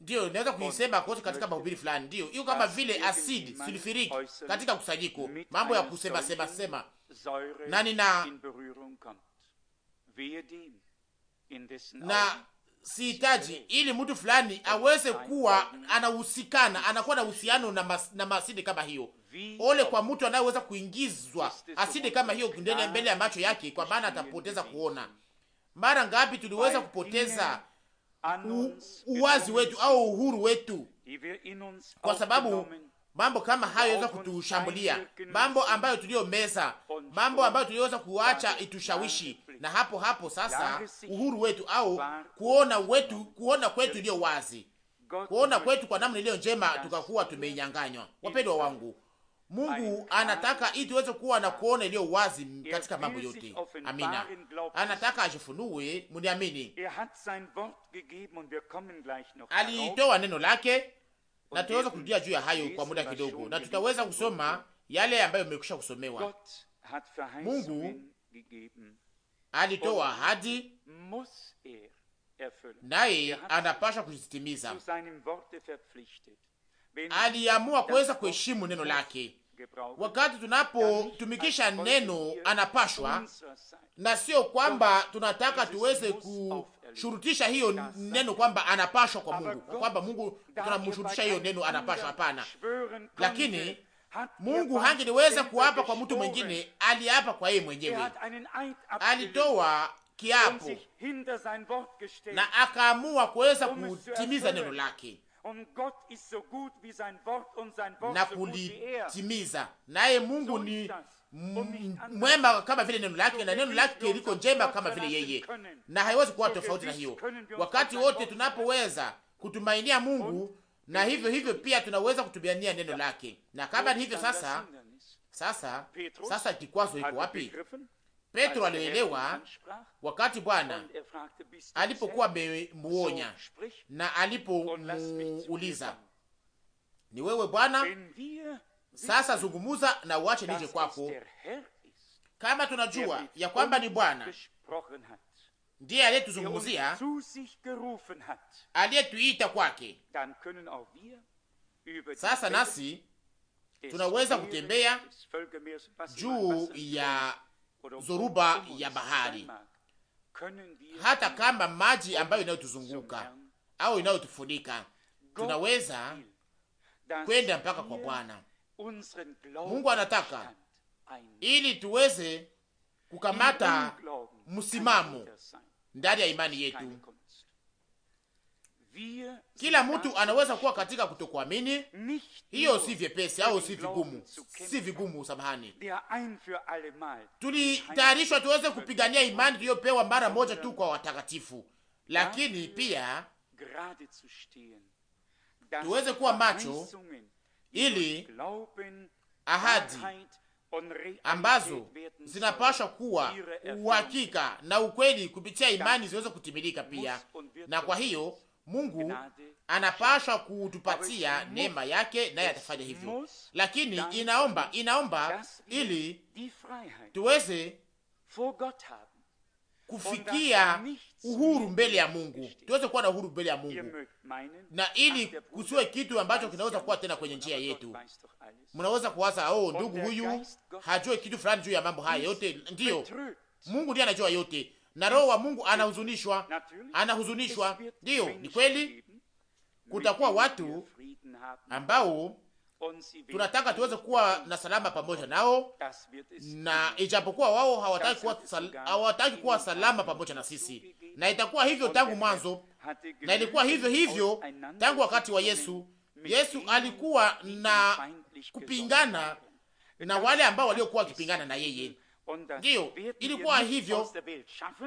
Ndiyo, naweza kuisema kote katika mahubiri fulani, ndiyo hiyo, kama vile asidi sulfuric katika kusanyiko, mambo ya kusema sema sema, na nina na sihitaji ili mtu fulani aweze kuwa anahusikana, anakuwa na uhusiano na, mas, na masidi kama hiyo. Ole kwa mtu anayeweza kuingizwa asidi kama hiyo ndani mbele ya macho yake, kwa maana atapoteza kuona. Mara ngapi tuliweza kupoteza uwazi wetu au uhuru wetu, kwa sababu mambo kama hayo yaweza kutushambulia, mambo ambayo tuliyomeza, mambo ambayo tuliyoweza kuacha itushawishi, na hapo hapo sasa uhuru wetu au kuona wetu, kuona kwetu iliyo wazi, kuona kwetu kwa namna iliyo njema, tukakuwa tumeinyanganywa. Wapendwa wangu Mungu anataka ili tuweze kuwa na kuona iliyo wazi katika mambo yote. Amina, anataka ajifunue, mniamini. Alitoa neno lake na tunaweza kurudia juu ya hayo kwa muda kidogo, na tutaweza kusoma yale ambayo imekwisha kusomewa. Mungu alitoa ahadi er naye er anapasha kuzitimiza aliamua kuweza kuheshimu neno lake. Wakati tunapotumikisha neno, anapashwa na sio kwamba tunataka tuweze kushurutisha hiyo neno kwamba anapashwa kwa Mungu, kwamba Mungu tunamshurutisha hiyo neno anapashwa. Hapana, lakini Mungu hangeliweza kuapa kwa mtu mwingine, aliapa kwa yeye mwenyewe. Alitoa kiapo na akaamua kuweza kutimiza neno lake na er. kulitimiza. Naye Mungu ni um mwema kama vile neno lake, na neno lake liko njema kama vile yeye, na haiwezi kuwa tofauti na hiyo. Wakati wote tunapoweza kutumainia Mungu, na hivyo hivyo pia tunaweza kutumainia neno lake. Na kama ni hivyo sasa, sasa sasa, kikwazo iko wapi? Petro alielewa wakati Bwana er alipokuwa amemuonya na alipomuuliza, ni wewe Bwana, sasa zungumuza na uache nije kwako. Kama tunajua ya kwamba ni Bwana ndiye aliyetuzungumzia, aliyetuita kwake, sasa nasi tunaweza kutembea juu ya zoruba ya bahari, hata kama maji ambayo inayotuzunguka au inayotufunika, tunaweza kwenda mpaka kwa Bwana Mungu. Anataka ili tuweze kukamata msimamo ndani ya imani yetu kila mtu anaweza kuwa katika kutokuamini. Hiyo si vyepesi au si vigumu, si vigumu, samahani. Tulitayarishwa tuweze kupigania imani tuliyopewa mara moja tu kwa watakatifu, lakini pia tuweze kuwa macho ili ahadi ambazo zinapashwa kuwa uhakika na ukweli kupitia imani ziweze kutimilika pia, na kwa hiyo Mungu anapashwa kutupatia neema yake, naye atafanya hivyo, lakini inaomba inaomba ili tuweze kufikia uhuru mbele ya Mungu, tuweze kuwa na uhuru mbele ya Mungu, na ili kusiwe kitu ambacho kinaweza kuwa tena kwenye njia yetu. Mnaweza kuwaza oh, ndugu huyu hajue kitu fulani juu ya mambo haya yote. Ndiyo, Mungu ndiye anajua yote na roho wa Mungu anahuzunishwa, anahuzunishwa. Ndiyo, ni kweli, kutakuwa watu ambao tunataka tuweze kuwa na salama pamoja nao, na ijapokuwa wao hawataki kuwa, sal, hawataki kuwa salama pamoja na sisi, na itakuwa hivyo tangu er mwanzo, na ilikuwa hivyo hivyo tangu wakati wa Yesu. Yesu alikuwa na kupingana na wale ambao waliokuwa wakipingana na yeye, Ndiyo, ilikuwa hivyo,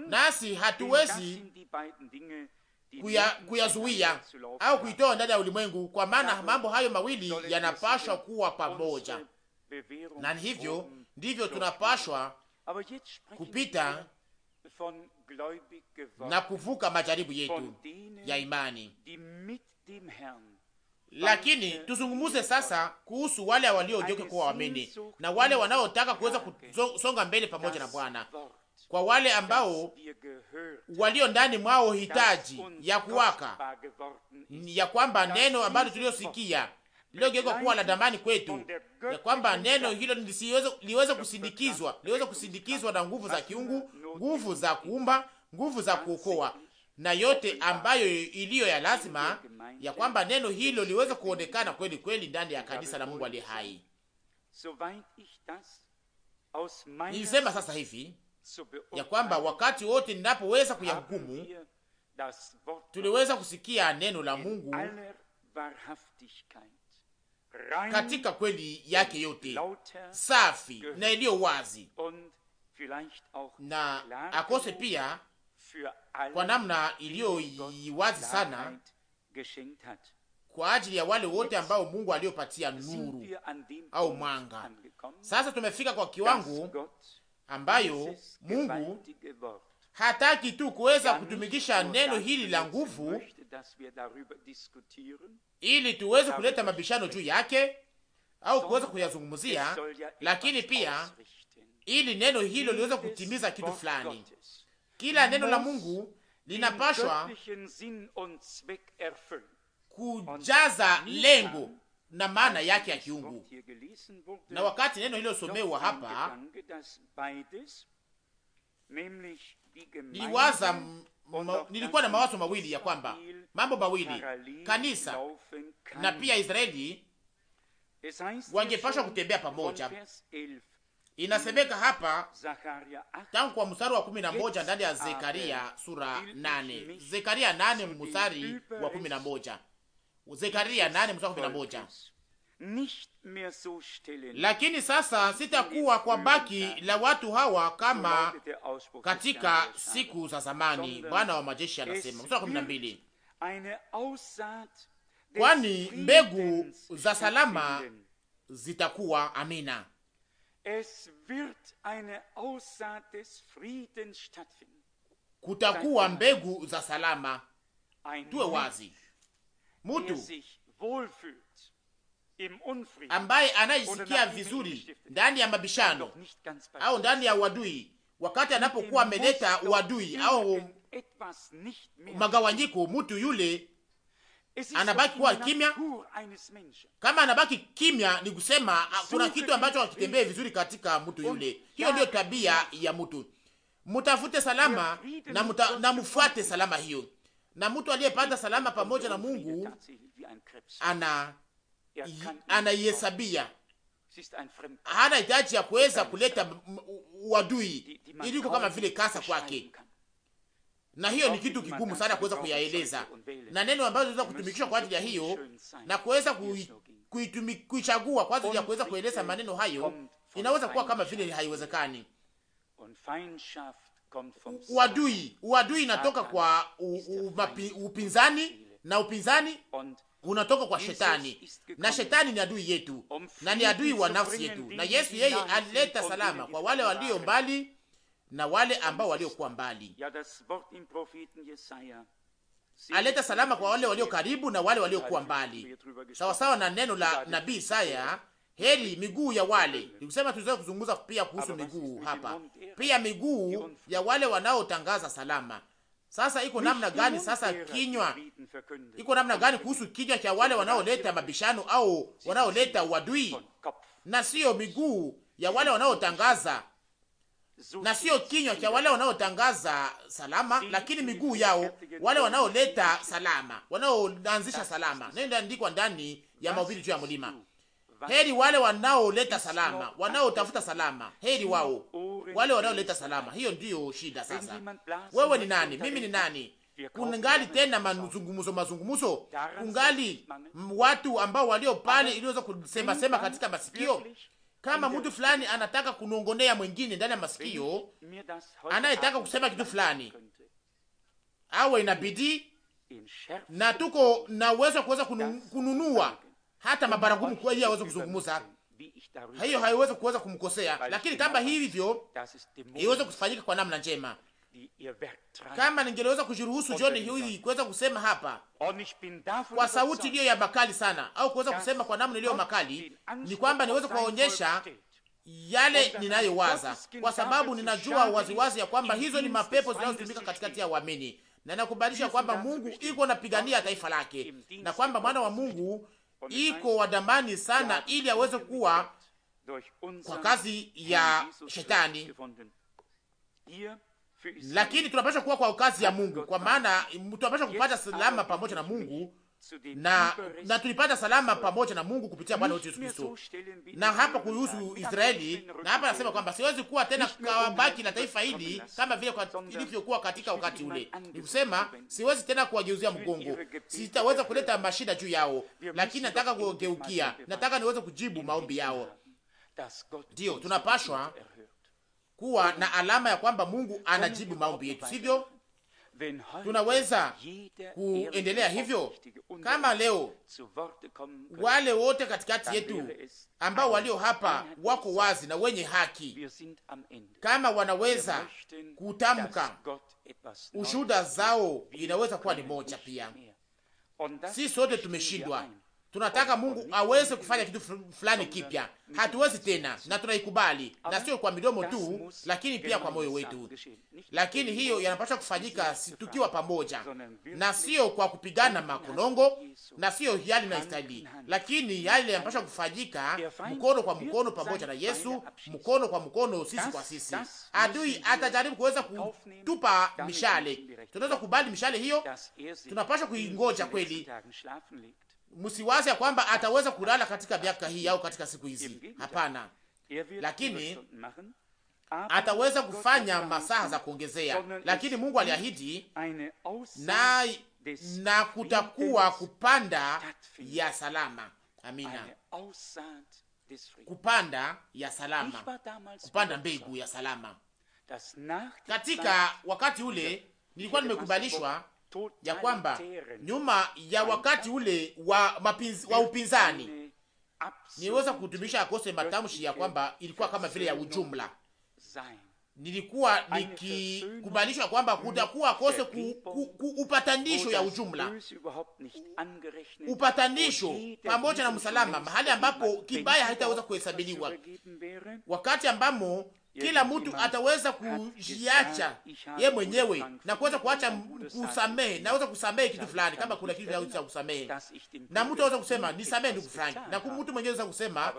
nasi hatuwezi kuyazuia kuya au kuitoa ndani ya ulimwengu, kwa maana mambo hayo mawili yanapashwa kuwa pamoja, na hivyo ndivyo tunapashwa kupita na kuvuka majaribu yetu ya imani lakini tuzungumuze sasa kuhusu wale waliogeuka kuwa waamini na wale wanaotaka kuweza kusonga mbele pamoja na Bwana, kwa wale ambao walio ndani mwao hitaji ya kuwaka ya kwamba neno ambalo tuliosikia lilogeuka kuwa la damani kwetu, ya kwamba neno hilo liweze kusindikizwa liweze kusindikizwa na nguvu za kiungu, nguvu za kuumba, nguvu za kuokoa, na yote ambayo iliyo ya lazima ya kwamba neno hilo liweze kuonekana kweli kweli ndani ya kanisa la Mungu aliye hai. Nilisema sasa hivi ya kwamba wakati wote ninapoweza kuyahukumu, tuliweza kusikia neno la Mungu katika kweli yake yote safi na iliyo wazi, na akose pia kwa namna iliyo wazi sana kwa ajili ya wale wote ambao Mungu aliyopatia nuru au mwanga. Sasa tumefika kwa kiwango ambayo Mungu hataki tu kuweza kutumikisha neno hili la nguvu ili tuweze kuleta mabishano juu yake au kuweza kuyazungumzia, lakini pia ili neno hilo liweze kutimiza kitu fulani. Kila neno la Mungu linapashwa kujaza lengo na maana yake ya kiungu. Na wakati neno iliyosomewa hapa niliwaza, nilikuwa na mawazo mawili ya kwamba mambo mawili, kanisa na pia Israeli wangepashwa kutembea pamoja Inasemeka hapa tangu kwa mstari wa kumi na moja ndani ya Zekaria sura nane. Zekaria nane mstari wa kumi na moja. Zekaria nane mstari wa kumi na moja. Lakini sasa sitakuwa kwa baki la watu hawa kama katika siku za zamani, Bwana wa majeshi anasema. Mstari wa kumi na mbili. Kwani mbegu za salama zitakuwa, amina kutakuwa mbegu za salama. Tuwe wazi, mutu ambaye anayisikia vizuri ndani ya mabishano au ndani ya uadui, wakati anapokuwa ameleta uadui au er magawanyiko, mutu yule anabaki kuwa kimya. Kama anabaki kimya, ni kusema kuna kitu ambacho hakitembee vizuri katika mtu yule. Hiyo ndiyo tabia ya mtu. Mutafute salama na, muta, na mufuate salama hiyo, na mtu aliyepata salama pamoja na Mungu ana anaihesabia hana hitaji ya kuweza kuleta uadui iliko kama vile kasa kwake na hiyo ni kitu kigumu sana kuweza kuyaeleza, na neno ambazo zinaweza kutumikishwa kwa ajili ya hiyo na kuweza kuichagua kwa ajili ya kuweza kueleza maneno hayo inaweza kuwa kama vile haiwezekani. Uadui, uadui inatoka kwa u, u, upinzani na upinzani unatoka kwa shetani na shetani ni adui yetu na ni adui wa nafsi yetu, na Yesu yeye alileta salama kwa wale walio mbali na wale ambao waliokuwa mbali. Aleta salama kwa wale walio karibu na wale waliokuwa mbali, sawasawa na neno la nabii Isaya, heri miguu ya wale nikusema. Tunaweza kuzungumza pia kuhusu miguu hapa, pia miguu ya wale wanaotangaza salama. Sasa iko namna gani? Sasa kinywa iko namna gani kuhusu kinywa cha wale wanaoleta mabishano au wanaoleta uadui, na siyo miguu ya wale wanaotangaza na sio kinywa cha wale wanaotangaza salama, lakini miguu yao, wale wanaoleta salama, wanaoanzisha salama. Neno ndandikwa ndani ya mahubiri juu ya mlima. Heri wale wanaoleta salama, wanaotafuta salama. Heri wao wale wanaoleta salama. Hiyo ndiyo shida sasa. Wewe ni nani? Mimi ni nani? Kungali tena mazungumzo, mazungumzo, kungali watu ambao walio pale iliweza kusema sema katika masikio kama mtu fulani anataka kunongonea mwingine ndani ya masikio, anayetaka kusema kitu fulani, awe inabidi na tuko na uwezo wa kuweza kununua hata mabaragumu kwa ili aweze kuzungumza. Hiyo haiwezi kuweza kumkosea, lakini kama hivyo iweze kufanyika kwa namna njema. Kama ningeliweza kujiruhusu jioni hii kuweza kusema hapa kwa sauti iliyo ya makali sana, au kuweza kusema kwa namna iliyo makali, ni kwamba niweze kuwaonyesha yale ninayowaza, kwa sababu ninajua waziwazi wazi ya kwamba hizo ni mapepo zinazotumika katikati ya waamini, na nakubalisha kwamba Mungu iko napigania taifa lake, na kwamba mwana wa Mungu iko wadamani sana, ili aweze kuwa kwa kazi ya shetani lakini tunapaswa kuwa kwa kazi ya Mungu, kwa maana tunapaswa kupata salama pamoja na Mungu na, na tulipata salama pamoja na Mungu kupitia Bwana wetu Yesu Kristo. Na hapa kuhusu Israeli, na hapa nasema kwamba siwezi kuwa tena kabaki na taifa hili kama vile ilivyokuwa katika wakati ule. kusema siwezi tena kuwageuzia mgongo, sitaweza kuleta mashida juu yao, lakini nataka kugeukia, nataka niweze kujibu maombi yao. Ndio tunapashwa kuwa na alama ya kwamba Mungu anajibu maombi yetu, sivyo? Tunaweza kuendelea hivyo kama leo wale wote katikati yetu ambao walio hapa wako wazi na wenye haki, kama wanaweza kutamka ushuhuda zao, inaweza kuwa ni moja pia. Si sote tumeshindwa tunataka Mungu aweze kufanya kitu fulani kipya, hatuwezi tena, na tunaikubali na sio kwa midomo tu, lakini pia kwa moyo wetu. Lakini hiyo yanapaswa kufanyika tukiwa pamoja, na sio kwa kupigana makonongo, na sio yali na istali, lakini yale yanapaswa kufanyika mkono kwa mkono, pamoja na Yesu, mkono kwa mkono, sisi kwa sisi. Adui atajaribu kuweza kutupa mishale, tunaweza kubali mishale hiyo, tunapaswa kuingoja kweli msiwazi ya kwamba ataweza kulala katika miaka hii au katika siku hizi. Hapana, er lakini ataweza kufanya masaha za kuongezea. Lakini Mungu aliahidi na, na kutakuwa kupanda ya salama. Amina, kupanda ya salama, kupanda mbegu ya salama. Katika wakati ule nilikuwa nimekubalishwa ya kwamba nyuma ya wakati ule wa, mapinz, wa upinzani niweza kutumisha akose matamshi ya kwamba ilikuwa kama vile ya ujumla. Nilikuwa nikikubalishwa kwamba kutakuwa kose ku, ku, ku, upatanisho ya ujumla, upatanisho pamoja na msalama, mahali ambapo kibaya haitaweza kuhesabiliwa, wakati ambamo kila mtu ataweza kujiacha ye mwenyewe na kuweza kuacha kusamehe, naweza kusamehe kitu fulani, kama kuna kitu cha kusamehe, na mtu anaweza kusema nisamehe ndugu fulani, na mtu mwenyewe anaweza kusema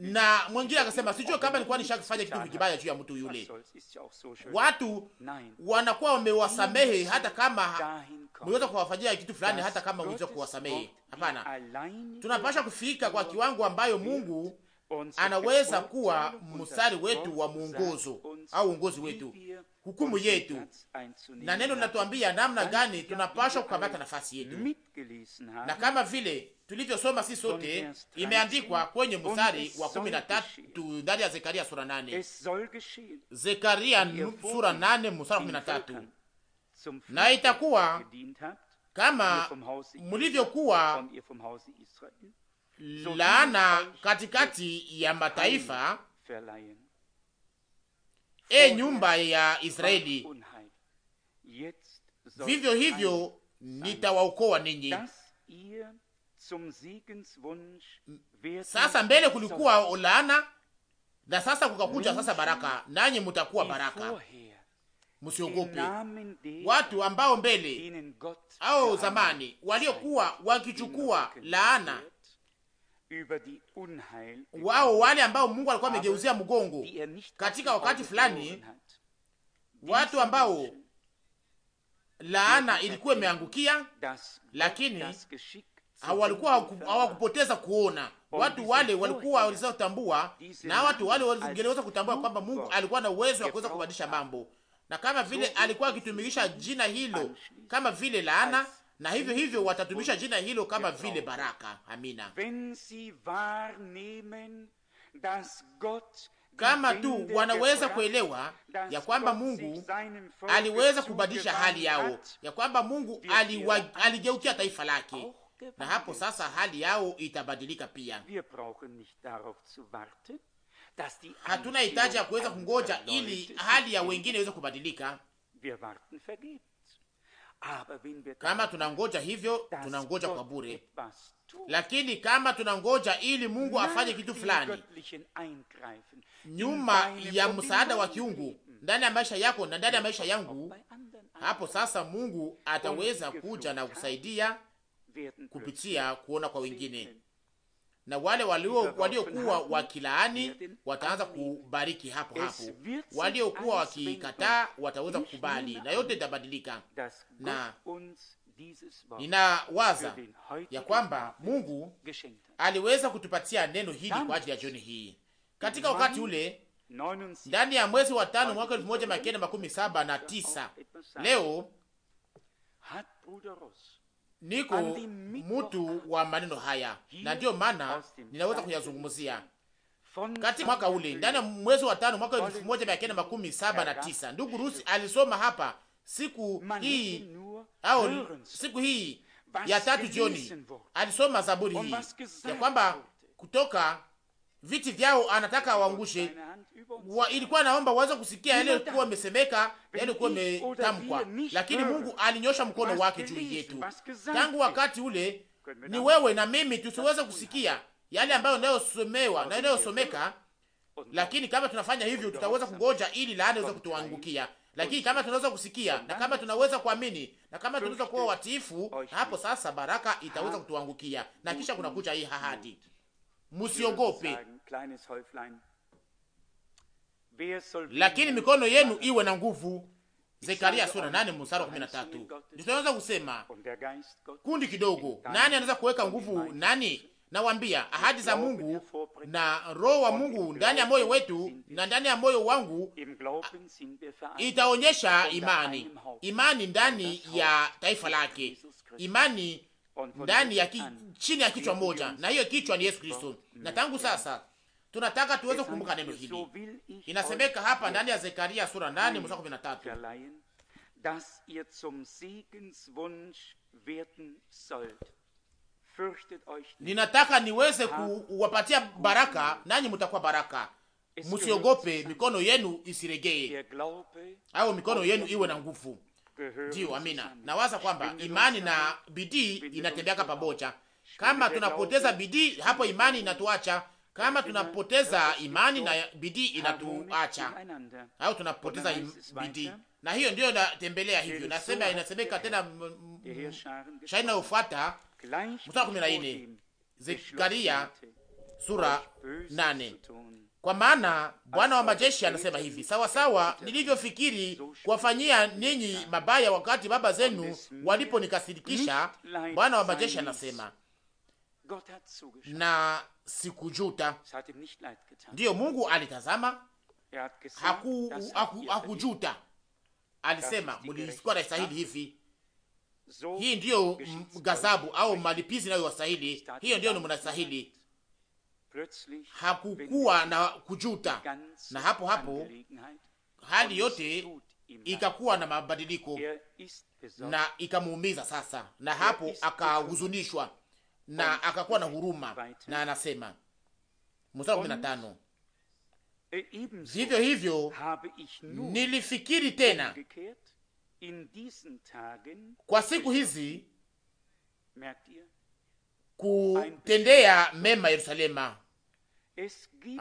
na mwingine akasema sijue kama nilikuwa nishakufanya kitu kibaya juu ya mtu yule. Watu wanakuwa wamewasamehe hata kama mliweza kuwafanyia kitu fulani, hata kama mliweza kuwasamehe. Hapana, tunapasha kufika kwa kiwango ambayo Mungu anaweza kuwa mstari wetu wa mwongozo au uongozi wetu, hukumu yetu, na neno linatuambia namna gani tunapashwa kukamata nafasi yetu. Na kama vile tulivyosoma si sote, imeandikwa kwenye mstari wa kumi na tatu ndani ya Zekaria sura nane, Zekaria sura nane mstari wa kumi na tatu na itakuwa kama mlivyokuwa laana katikati ya mataifa, e nyumba ya Israeli, vivyo hivyo nitawaokoa ninyi. Sasa mbele kulikuwa laana na sasa kukakuja sasa baraka, nanyi mutakuwa baraka. Msiogope watu ambao mbele au zamani waliokuwa wakichukua laana wao wale ambao Mungu alikuwa amegeuzia mgongo er katika wakati fulani, watu ambao laana ilikuwa imeangukia, lakini hawalikuwa hawakupoteza kuona. Watu wale walikuwa waliweza kutambua, na watu wale wangeweza kutambua kwamba Mungu alikuwa na uwezo wa kuweza kubadilisha mambo, na kama vile alikuwa akitumikisha jina hilo kama vile laana na hivyo hivyo watatumisha jina hilo kama vile baraka. Amina. Kama tu wanaweza kuelewa ya kwamba Mungu aliweza kubadilisha hali yao, ya kwamba Mungu aligeukia taifa lake, na hapo sasa hali yao itabadilika pia. Hatuna hitaji ya kuweza kungoja ili hali ya wengine iweze kubadilika. Kama tunangoja hivyo, tunangoja kwa bure, lakini kama tunangoja ili Mungu afanye kitu fulani nyuma ya msaada wa kiungu ndani ya maisha yako na ndani ya maisha yangu, hapo sasa Mungu ataweza kuja na kusaidia kupitia kuona kwa wengine na wale waliokuwa wakilaani wataanza kubariki hapo hapo, waliokuwa wakikataa wataweza kukubali, na yote itabadilika. Na ninawaza ya kwamba Mungu aliweza kutupatia neno hili kwa ajili ya jioni hii katika wakati ule ndani ya mwezi wa tano mwaka elfu moja mia kenda makumi saba na tisa leo niko mtu wa maneno haya, na ndiyo maana ninaweza kuyazungumzia kati mwaka ule ndani ya mwezi wa tano mwaka elfu moja mia kenda makumi saba na tisa ndugu Rusi alisoma hapa siku hii au siku hii ya tatu jioni, alisoma zaburi hii ya kwamba kutoka viti vyao anataka waangushe. Wa, ilikuwa naomba waweze kusikia yale yalikuwa amesemeka yale yalikuwa ametamkwa, lakini Mungu alinyosha mkono wake juu yetu tangu wakati ule. Ni wewe na mimi tusiweze kusikia yale ambayo nayosomewa na inayosomeka, lakini kama tunafanya hivyo, tutaweza kungoja ili laana iweze kutuangukia. Lakini kama tunaweza kusikia na kama tunaweza kuamini na kama tunaweza kuwa watiifu, hapo sasa baraka itaweza kutuangukia, na kisha kunakuja hii ahadi, msiogope lakini mikono yenu iwe na nguvu. Zekaria sura nane mstari wa kumi na tatu. Tunaweza kusema kundi kidogo, nani anaweza kuweka nguvu nani? Nawambia ahadi za Mungu na roho wa Mungu ndani ya moyo wetu na ndani ya moyo wangu itaonyesha imani, imani ndani ya taifa lake, imani ndani ya ki, chini ya kichwa moja, na hiyo kichwa ni Yesu Kristo. Na tangu sasa tunataka tuweze kukumbuka neno hili. Inasemeka hapa ndani ya Zekaria sura nane mstari 13 dass ihr zum Segenswunsch werden sollt. Ninataka niweze kuwapatia baraka, nanyi mtakuwa baraka. musiogope mikono yenu isiregee, au mikono yenu iwe na nguvu. Ndiyo, amina. Nawaza kwamba imani na bidii inatembeaka pamoja. Kama tunapoteza bidii, hapo imani inatuacha kama tunapoteza imani na bidii inatuacha au tunapoteza bidii, na hiyo ndiyo natembelea hivyo. Nasema inasemeka tena shairi nayofuata mstari kumi na nne Zekaria sura nane kwa maana Bwana wa majeshi anasema hivi, sawa sawa nilivyofikiri kuwafanyia ninyi mabaya wakati baba zenu waliponikasirikisha, Bwana wa majeshi anasema, na sikujuta. Ndiyo, Mungu alitazama, er er hakujuta, alisema na nastahili hivi. Hii ndiyo gazabu au malipizi nayo wastahili, hiyo ndiyo ni stahili Hakukuwa na kujuta, na hapo hapo hali yote ikakuwa na mabadiliko er na ikamuumiza sasa, na hapo akahuzunishwa na akakuwa na huruma, na anasema mstari wa 15 eh, vivyo hivyo nilifikiri tena kwa siku hizi kutendea mema Yerusalema.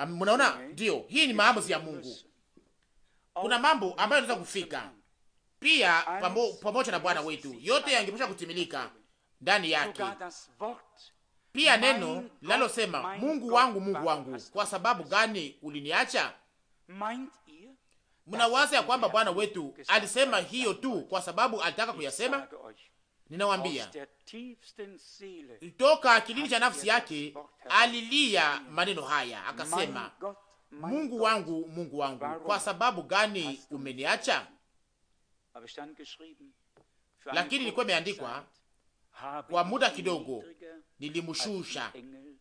Mnaona, ndiyo, hii ni maamuzi ya Mungu. Kuna mambo ambayo yanaweza kufika pia pamoja na Bwana wetu, yote yangepasha kutimilika ndani yake pia neno linalosema Mungu wangu, Mungu wangu, kwa sababu gani uliniacha? Mnawaza ya kwamba Bwana wetu alisema hiyo tu kwa sababu alitaka kuyasema? Ninawambia, toka kilini cha nafsi yake alilia maneno haya akasema, Mungu wangu, Mungu wangu, kwa sababu gani umeniacha? Lakini ilikuwa imeandikwa kwa muda kidogo nilimshusha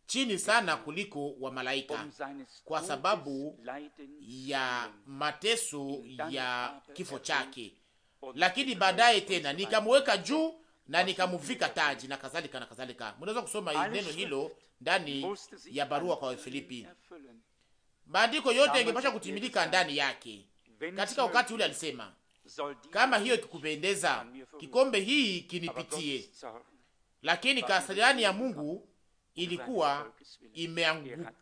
chini sana kuliko wa malaika kwa sababu ya mateso ya kifo chake, lakini baadaye tena nikamweka juu na nikamuvika taji na kadhalika na kadhalika. Mnaweza kusoma neno hilo ndani ya barua kwa Filipi. Maandiko yote yangepasha kutimilika ndani yake katika wakati ule. Alisema, kama hiyo kikupendeza kikombe hii kinipitie lakini kasirani ya Mungu ilikuwa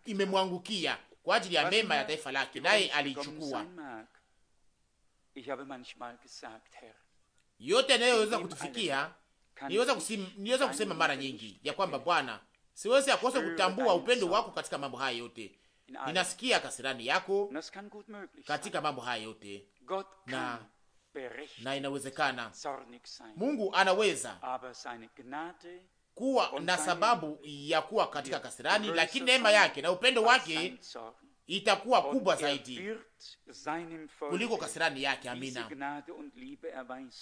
imemwangukia kwa ajili ya mema ya taifa lake, naye aliichukua yote Anayoweza kutufikia. Niweza kusema, kusema mara nyingi ya kwamba Bwana, siwezi akose kutambua upendo wako katika mambo haya yote. Ninasikia kasirani yako katika mambo haya yote na na inawezekana. Mungu anaweza kuwa na sababu ya kuwa katika kasirani, lakini neema yake na upendo wake itakuwa kubwa er zaidi kuliko kasirani yake. Amina,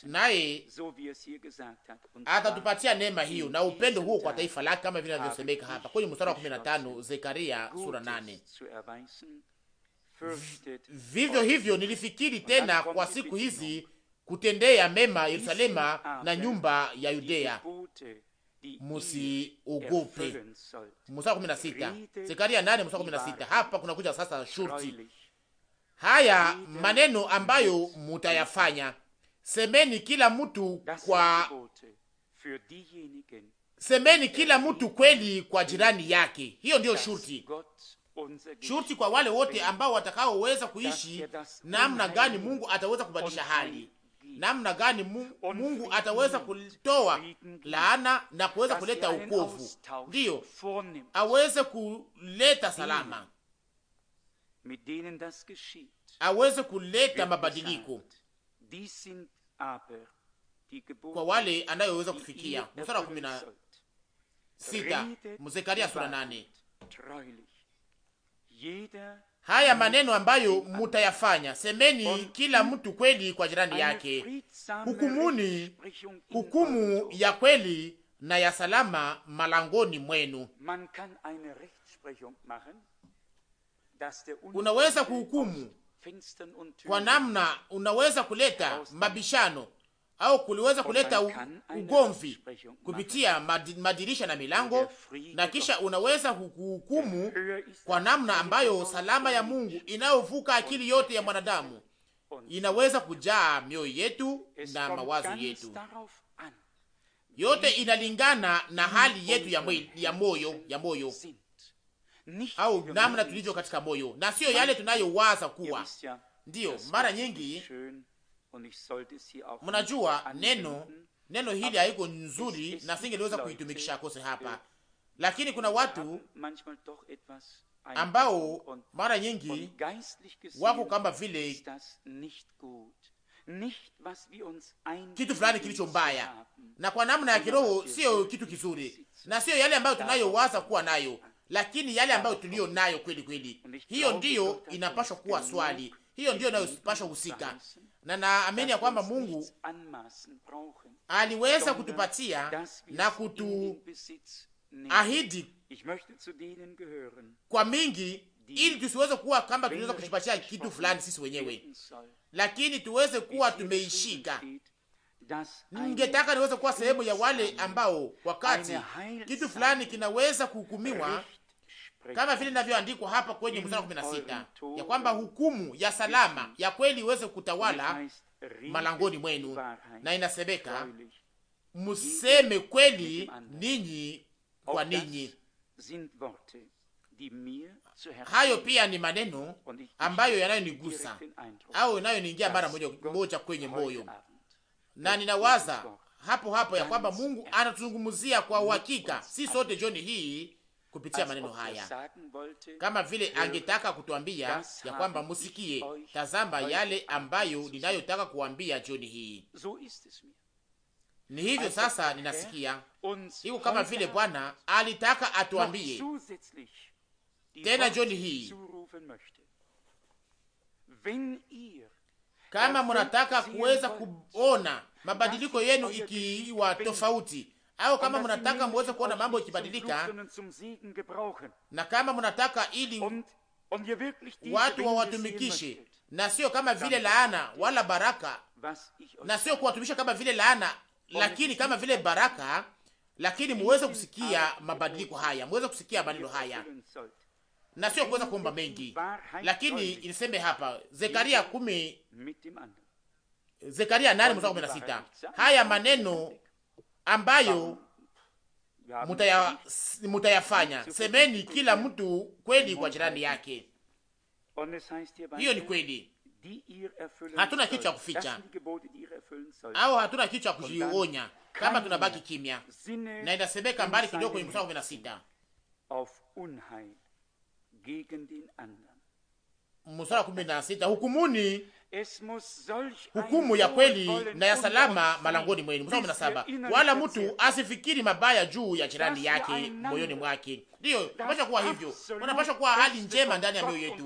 naye atatupatia neema hiyo na upendo huo kwa taifa lake, kama vile navyosemeka hapa kwenye mstari wa 15 Zekaria sura 8. Vivyo hivyo nilifikiri tena kwa siku hizi kutendea mema Yerusalema na nyumba ya Yudea. Musiogope. Musa 16. Zekaria 8 Musa 16. Hapa sasa shurti. Haya maneno ambayo mutayafanya. Semeni kila mtu kwa Semeni kila mtu kweli kwa jirani yake. Hiyo ndiyo shurti shurti kwa wale wote ambao watakaoweza kuishi namna gani Mungu ataweza kubadilisha hali namna gani Mungu ataweza kutoa laana na kuweza kuleta ukovu, ndiyo aweze kuleta salama, aweze kuleta mabadiliko kwa wale anayoweza kufikia. Mstari wa kumi na sita Mzekaria sura nane haya maneno ambayo mutayafanya, semeni kila mtu kweli kwa jirani yake, hukumuni hukumu ya kweli na ya salama malangoni mwenu. Unaweza kuhukumu kwa namna, unaweza kuleta mabishano au kuliweza kuleta ugomvi kupitia madirisha na milango, na kisha unaweza kuhukumu kwa namna ambayo salama ya Mungu inayovuka akili yote ya mwanadamu inaweza kujaa mioyo yetu na mawazo yetu. Yote inalingana na hali yetu ya, mwe, ya moyo ya moyo au namna tulivyo katika moyo, na siyo yale tunayowaza kuwa ndiyo mara nyingi Mnajua neno neno hili haiko nzuri na singeliweza kuitumikisha kose hapa, lakini kuna watu ambao mara nyingi wako kama vile kitu fulani kilicho mbaya, na kwa namna ya kiroho sio kitu kizuri, na sio yale ambayo tunayowaza kuwa nayo, lakini yale ambayo tuliyo nayo kweli kweli. Hiyo ndiyo inapashwa kuwa swali, hiyo ndiyo inayopashwa um husika, na naamini ya kwamba Mungu aliweza kutupatia na kutuahidi kwa mingi, ili tusiweze kuwa kamba tunaweza kujipatia kitu fulani sisi wenyewe, lakini tuweze kuwa tumeishika. Ningetaka niweze kuwa sehemu ya wale ambao wakati kitu fulani kinaweza kuhukumiwa äh, kama vile inavyoandikwa hapa kwenye mstari 16 ya kwamba hukumu ya salama ya kweli iweze kutawala malangoni mwenu, na inasemeka mseme kweli ninyi kwa ninyi. Hayo pia ni maneno ambayo yanayonigusa au yanayoniingia mara moja moja kwenye moyo, na ninawaza hapo hapo ya kwamba Mungu anatuzungumzia kwa uhakika, si sote jioni hii kupitia maneno haya, kama vile angetaka kutuambia ya kwamba musikie, tazama yale ambayo ninayotaka kuambia jioni hii. Ni hivyo sasa, ninasikia iko kama vile Bwana alitaka atuambie tena jioni hii kama munataka kuweza kuona mabadiliko yenu ikiwa tofauti au kama mnataka muweze kuona mambo ikibadilika, na kama mnataka ili watu wawatumikishe na sio kama vile laana wala baraka, na sio kuwatumisha kama vile laana, lakini kama vile baraka, lakini muweze kusikia mabadiliko haya, muweze kusikia maneno haya na sio kuweza kuomba mengi, lakini iniseme hapa Zekaria kumi Zekaria nane mstari kumi na sita haya maneno ambayo yaani, mutaya, mutayafanya. Semeni kila mtu kweli kwa jirani yake. Hiyo ni kweli, hatuna kitu cha kuficha au hatuna kitu cha kujionya kama tunabaki kimya, na inasemeka mbali kidogo kwenye mstari kumi na sita mstari wa kumi na sita hukumuni hukumu ya kweli na ya salama malangoni mwenu. Mstari saba, wala mtu asifikiri mabaya juu ya jirani yake moyoni mwake. Ndiyo unapasha kuwa hivyo, unapasha kuwa hali njema ndani ya mioyo yetu,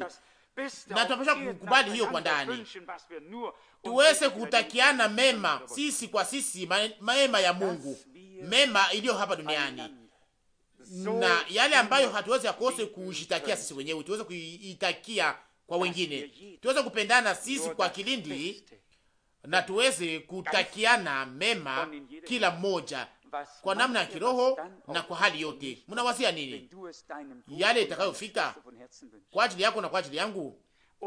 na tunapasha kukubali hiyo kwa ndani, tuweze kutakiana mema sisi kwa sisi, mema ya Mungu, mema iliyo hapa duniani na yale ambayo hatuwezi akose kushitakia sisi wenyewe, tuweze kuitakia kwa wengine, tuweze kupendana sisi kwa kilindi na tuweze kutakiana mema kila mmoja kwa namna ya kiroho na kwa hali yote. Mnawazia nini yale itakayofika kwa ajili yako na kwa ajili yangu?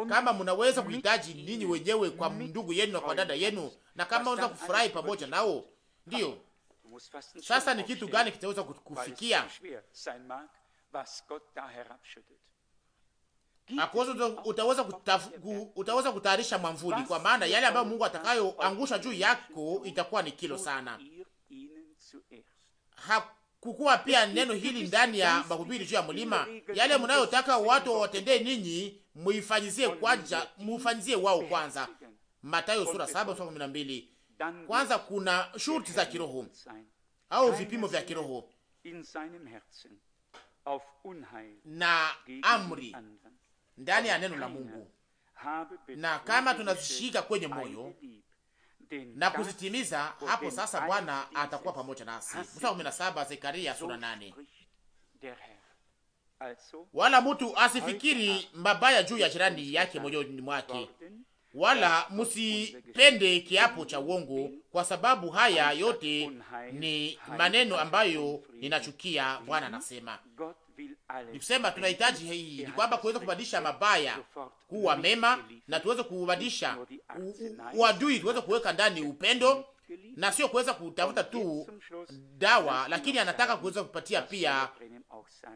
Kama mnaweza kuhitaji ninyi wenyewe kwa ndugu yenu na kwa dada yenu, na kama unaweza kufurahi pamoja nao, ndiyo sasa ni kitu gani kitaweza kufikia Akuweza, utaweza kutafu, utaweza kutayarisha mwamvuli, kwa maana yale ambayo Mungu atakayoangusha juu yako itakuwa ni kilo sana. Hakukuwa pia neno hili ndani ya mahubiri juu ya mlima, yale mnayotaka watu wawatendee ninyi muifanyizie kwanza, muifanyizie wao kwanza. Mathayo sura 7:12. Kwanza kuna shurti za kiroho au vipimo vya kiroho na amri ndani ya neno la Mungu, na kama tunazishika kwenye moyo na kuzitimiza, hapo sasa Bwana atakuwa pamoja nasi. Mstari kumi na saba Zekaria sura nane. Wala mtu asifikiri mabaya juu ya jirani yake moyoni mwake, wala msipende kiapo cha uongo, kwa sababu haya yote ni maneno ambayo ninachukia, Bwana anasema ni kusema tunahitaji hii, ni kwamba kuweza kubadilisha mabaya kuwa mema, na tuweze kubadilisha uadui, tuweze kuweka ndani upendo, na sio kuweza kutafuta tu dawa, lakini anataka kuweza kupatia pia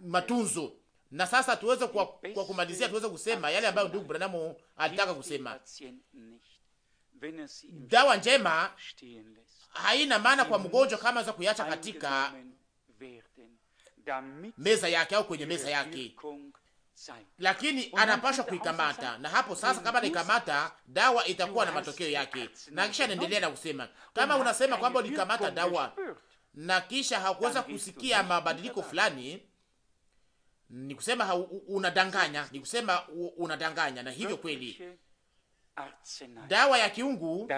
matunzo. Na sasa tuweze kwa, kwa kumalizia, tuweze kusema yale ambayo ndugu Branham alitaka kusema. Dawa njema haina maana kwa mgonjwa kama za kuiacha katika meza yake au kwenye meza yake, lakini anapashwa kuikamata. Na hapo sasa, kama naikamata dawa itakuwa na matokeo yake. Na kisha anaendelea na kusema, kama unasema kwamba ulikamata dawa na kisha hakuweza kusikia mabadiliko fulani, ni kusema unadanganya, ni kusema unadanganya. Na hivyo kweli dawa ya kiungu,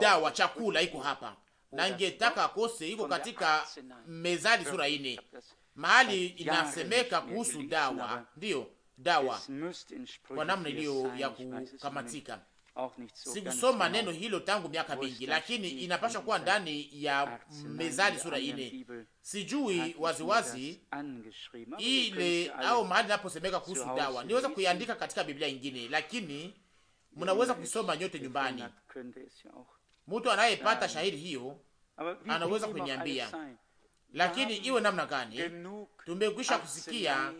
dawa chakula iko hapa na ningetaka kose iko katika Mezali sura ine mahali inasemeka kuhusu dawa, ndiyo dawa kwa namna iliyo ya kukamatika. Sikusoma neno hilo tangu miaka mingi, lakini inapasha kuwa ndani ya Mezali sura ine. Sijui waziwazi ile au mahali inaposemeka kuhusu dawa, niweza kuiandika katika Biblia ingine, lakini mnaweza kusoma nyote nyumbani Mtu anayepata yaani, shahiri hiyo anaweza kuniambia, lakini yaani, iwe namna gani? Tumekwisha kusikia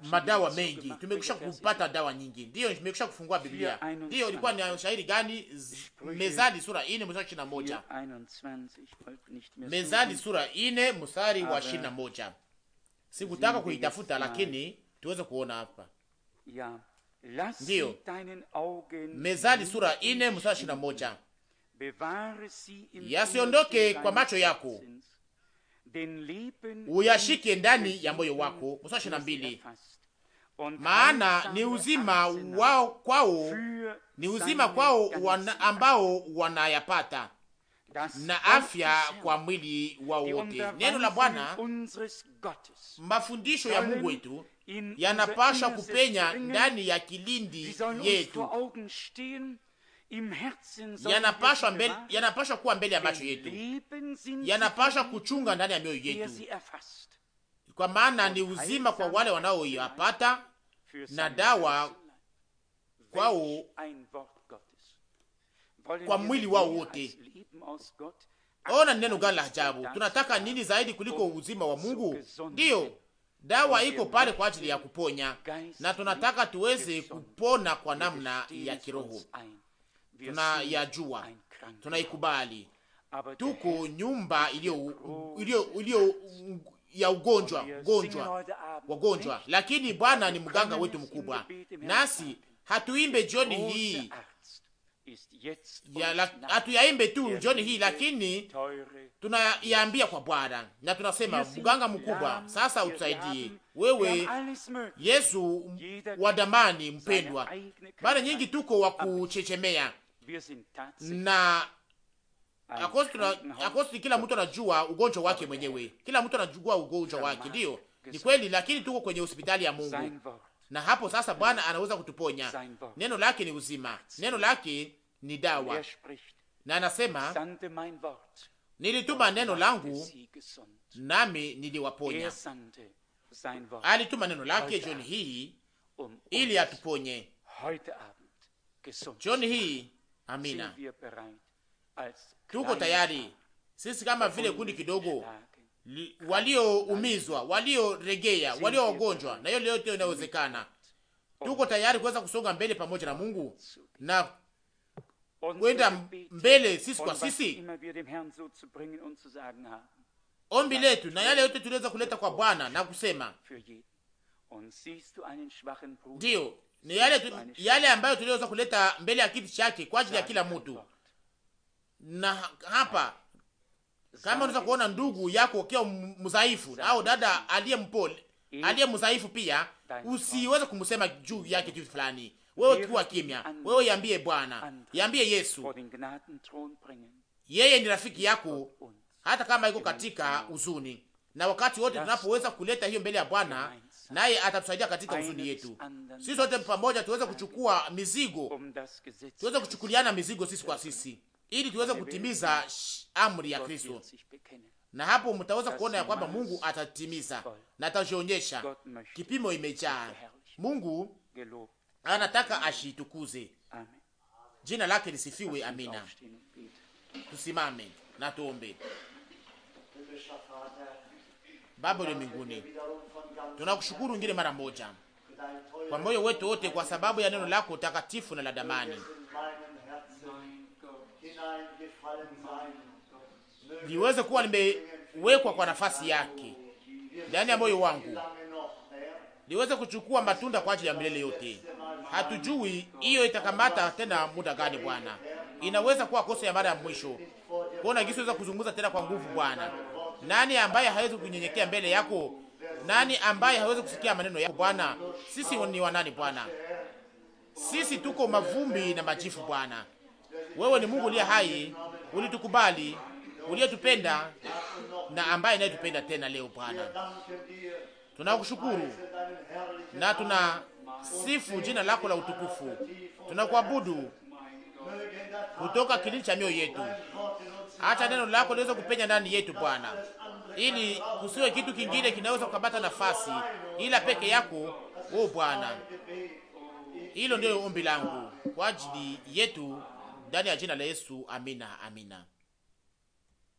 madawa mengi, tumekwisha kupata dawa nyingi, ndiyo tumekwisha kufungua Biblia. Ndiyo, ilikuwa ni shahiri gani? Mezali sura ine mstari wa ishirini na moja. Mezali sura ine mstari wa ishirini na moja. Sikutaka kuitafuta, lakini tuweze kuona hapa ndiyo Mezali sura ine mstari ishirini na moja yasiondoke kwa macho yako, uyashike ndani ya moyo wako. Mstari ishirini na mbili maana ni uzima wao kwao, ni uzima kwao wana, ambao wanayapata na afya kwa mwili wao wote. Neno la Bwana, mafundisho ya Mungu wetu yanapasha kupenya ndani ya kilindi yetu, yanapasha mbele, yanapasha kuwa mbele ya macho yetu, yanapasha kuchunga ndani ya mioyo er yetu, kwa maana ni uzima kwa wale wanaoyapata na dawa kwao kwa mwili wao wote. Ona neno gani la ajabu! Tunataka nini zaidi kuliko uzima wa Mungu? Ndiyo, Dawa iko pale kwa ajili ya kuponya, na tunataka tuweze kupona kwa namna ya kiroho. Tunayajua, tunaikubali, tuko nyumba iliyo iliyo iliyo ya ugonjwa gonjwa um, wagonjwa, lakini Bwana ni mganga wetu mkubwa, nasi hatuimbe jioni hii ya, la, hatuyaimbe tu jioni hii, lakini tunaiambia kwa Bwana na tunasema, mganga mkubwa, sasa utusaidie wewe, Yesu wa damani mpendwa. Mara nyingi tuko wa kuchechemea na akosi, kila mtu anajua ugonjwa wake mwenyewe, kila mtu anajua ugonjwa wake, ndiyo ni kweli, lakini tuko kwenye hospitali ya Mungu, na hapo sasa Bwana anaweza kutuponya. Neno lake ni uzima, neno lake ni dawa, na anasema Nilituma neno langu nami niliwaponya. Alituma neno lake jioni hii um, um, ili atuponye jioni hii. Amina, tuko tayari sisi kama vile kundi kidogo walioumizwa, walioregea, walio wagonjwa, na hiyo yote inawezekana. Tuko tayari kuweza kusonga mbele pamoja na Mungu na kwenda mbele sisi kwa sisi, ombi letu na yale yote tuliweza kuleta kwa Bwana na kusema ndiyo ni yale, tu, yale ambayo tuliweza kuleta mbele ya kiti chake kwa ajili ya kila mtu. Na hapa kama unaweza kuona ndugu yako akiwa mzaifu au dada aliye mpole aliye mzaifu pia, usiweze kumsema juu yake kitu fulani, wewe kuwa kimya, wewe yambie Bwana, yambie Yesu, yeye ni rafiki yako, hata kama iko katika huzuni, na wakati wote tunapoweza kuleta hiyo mbele ya Bwana, naye atatusaidia katika huzuni yetu. Sisi sote pamoja tuweze kuchukua mizigo, tuweze kuchukuliana mizigo sisi kwa sisi, ili tuweze kutimiza amri ya Kristo, na hapo mtaweza kuona ya kwamba Mungu atatimiza na atajionyesha. Kipimo imejaa Mungu anataka ashitukuze. Jina lake lisifiwe, amina. Tusimame na tuombe. Baba wa mbinguni, tunakushukuru ngine mara moja kwa moyo wetu wote, kwa sababu ya neno lako takatifu na la damani liweze kuwa limewekwa kwa nafasi yake ndani ya moyo wangu, liweze kuchukua matunda kwa ajili ya milele yote. Hatujui hiyo itakamata tena muda gani Bwana. Inaweza kuwa kosa ya mara ya mwisho. kuona gisi weza kuzunguza tena kwa nguvu Bwana. Nani ambaye hawezi kunyenyekea mbele yako? Nani ambaye hawezi kusikia maneno yako Bwana? Sisi ni wanani Bwana? Sisi tuko mavumbi na majifu Bwana. Wewe ni Mungu uliye hai, ulitukubali, uliyetupenda na ambaye anayetupenda tena leo Bwana. Tunakushukuru na tuna sifu jina lako la utukufu, tunakuabudu kutoka kilindi cha mioyo yetu. hata neno lako liweze kupenya ndani yetu Bwana, ili kusiwe kitu kingine kinaweza kukabata nafasi ila peke yako, o oh Bwana. Hilo ndio ombi langu kwa ajili yetu ndani ya jina la Yesu. Amina, amina.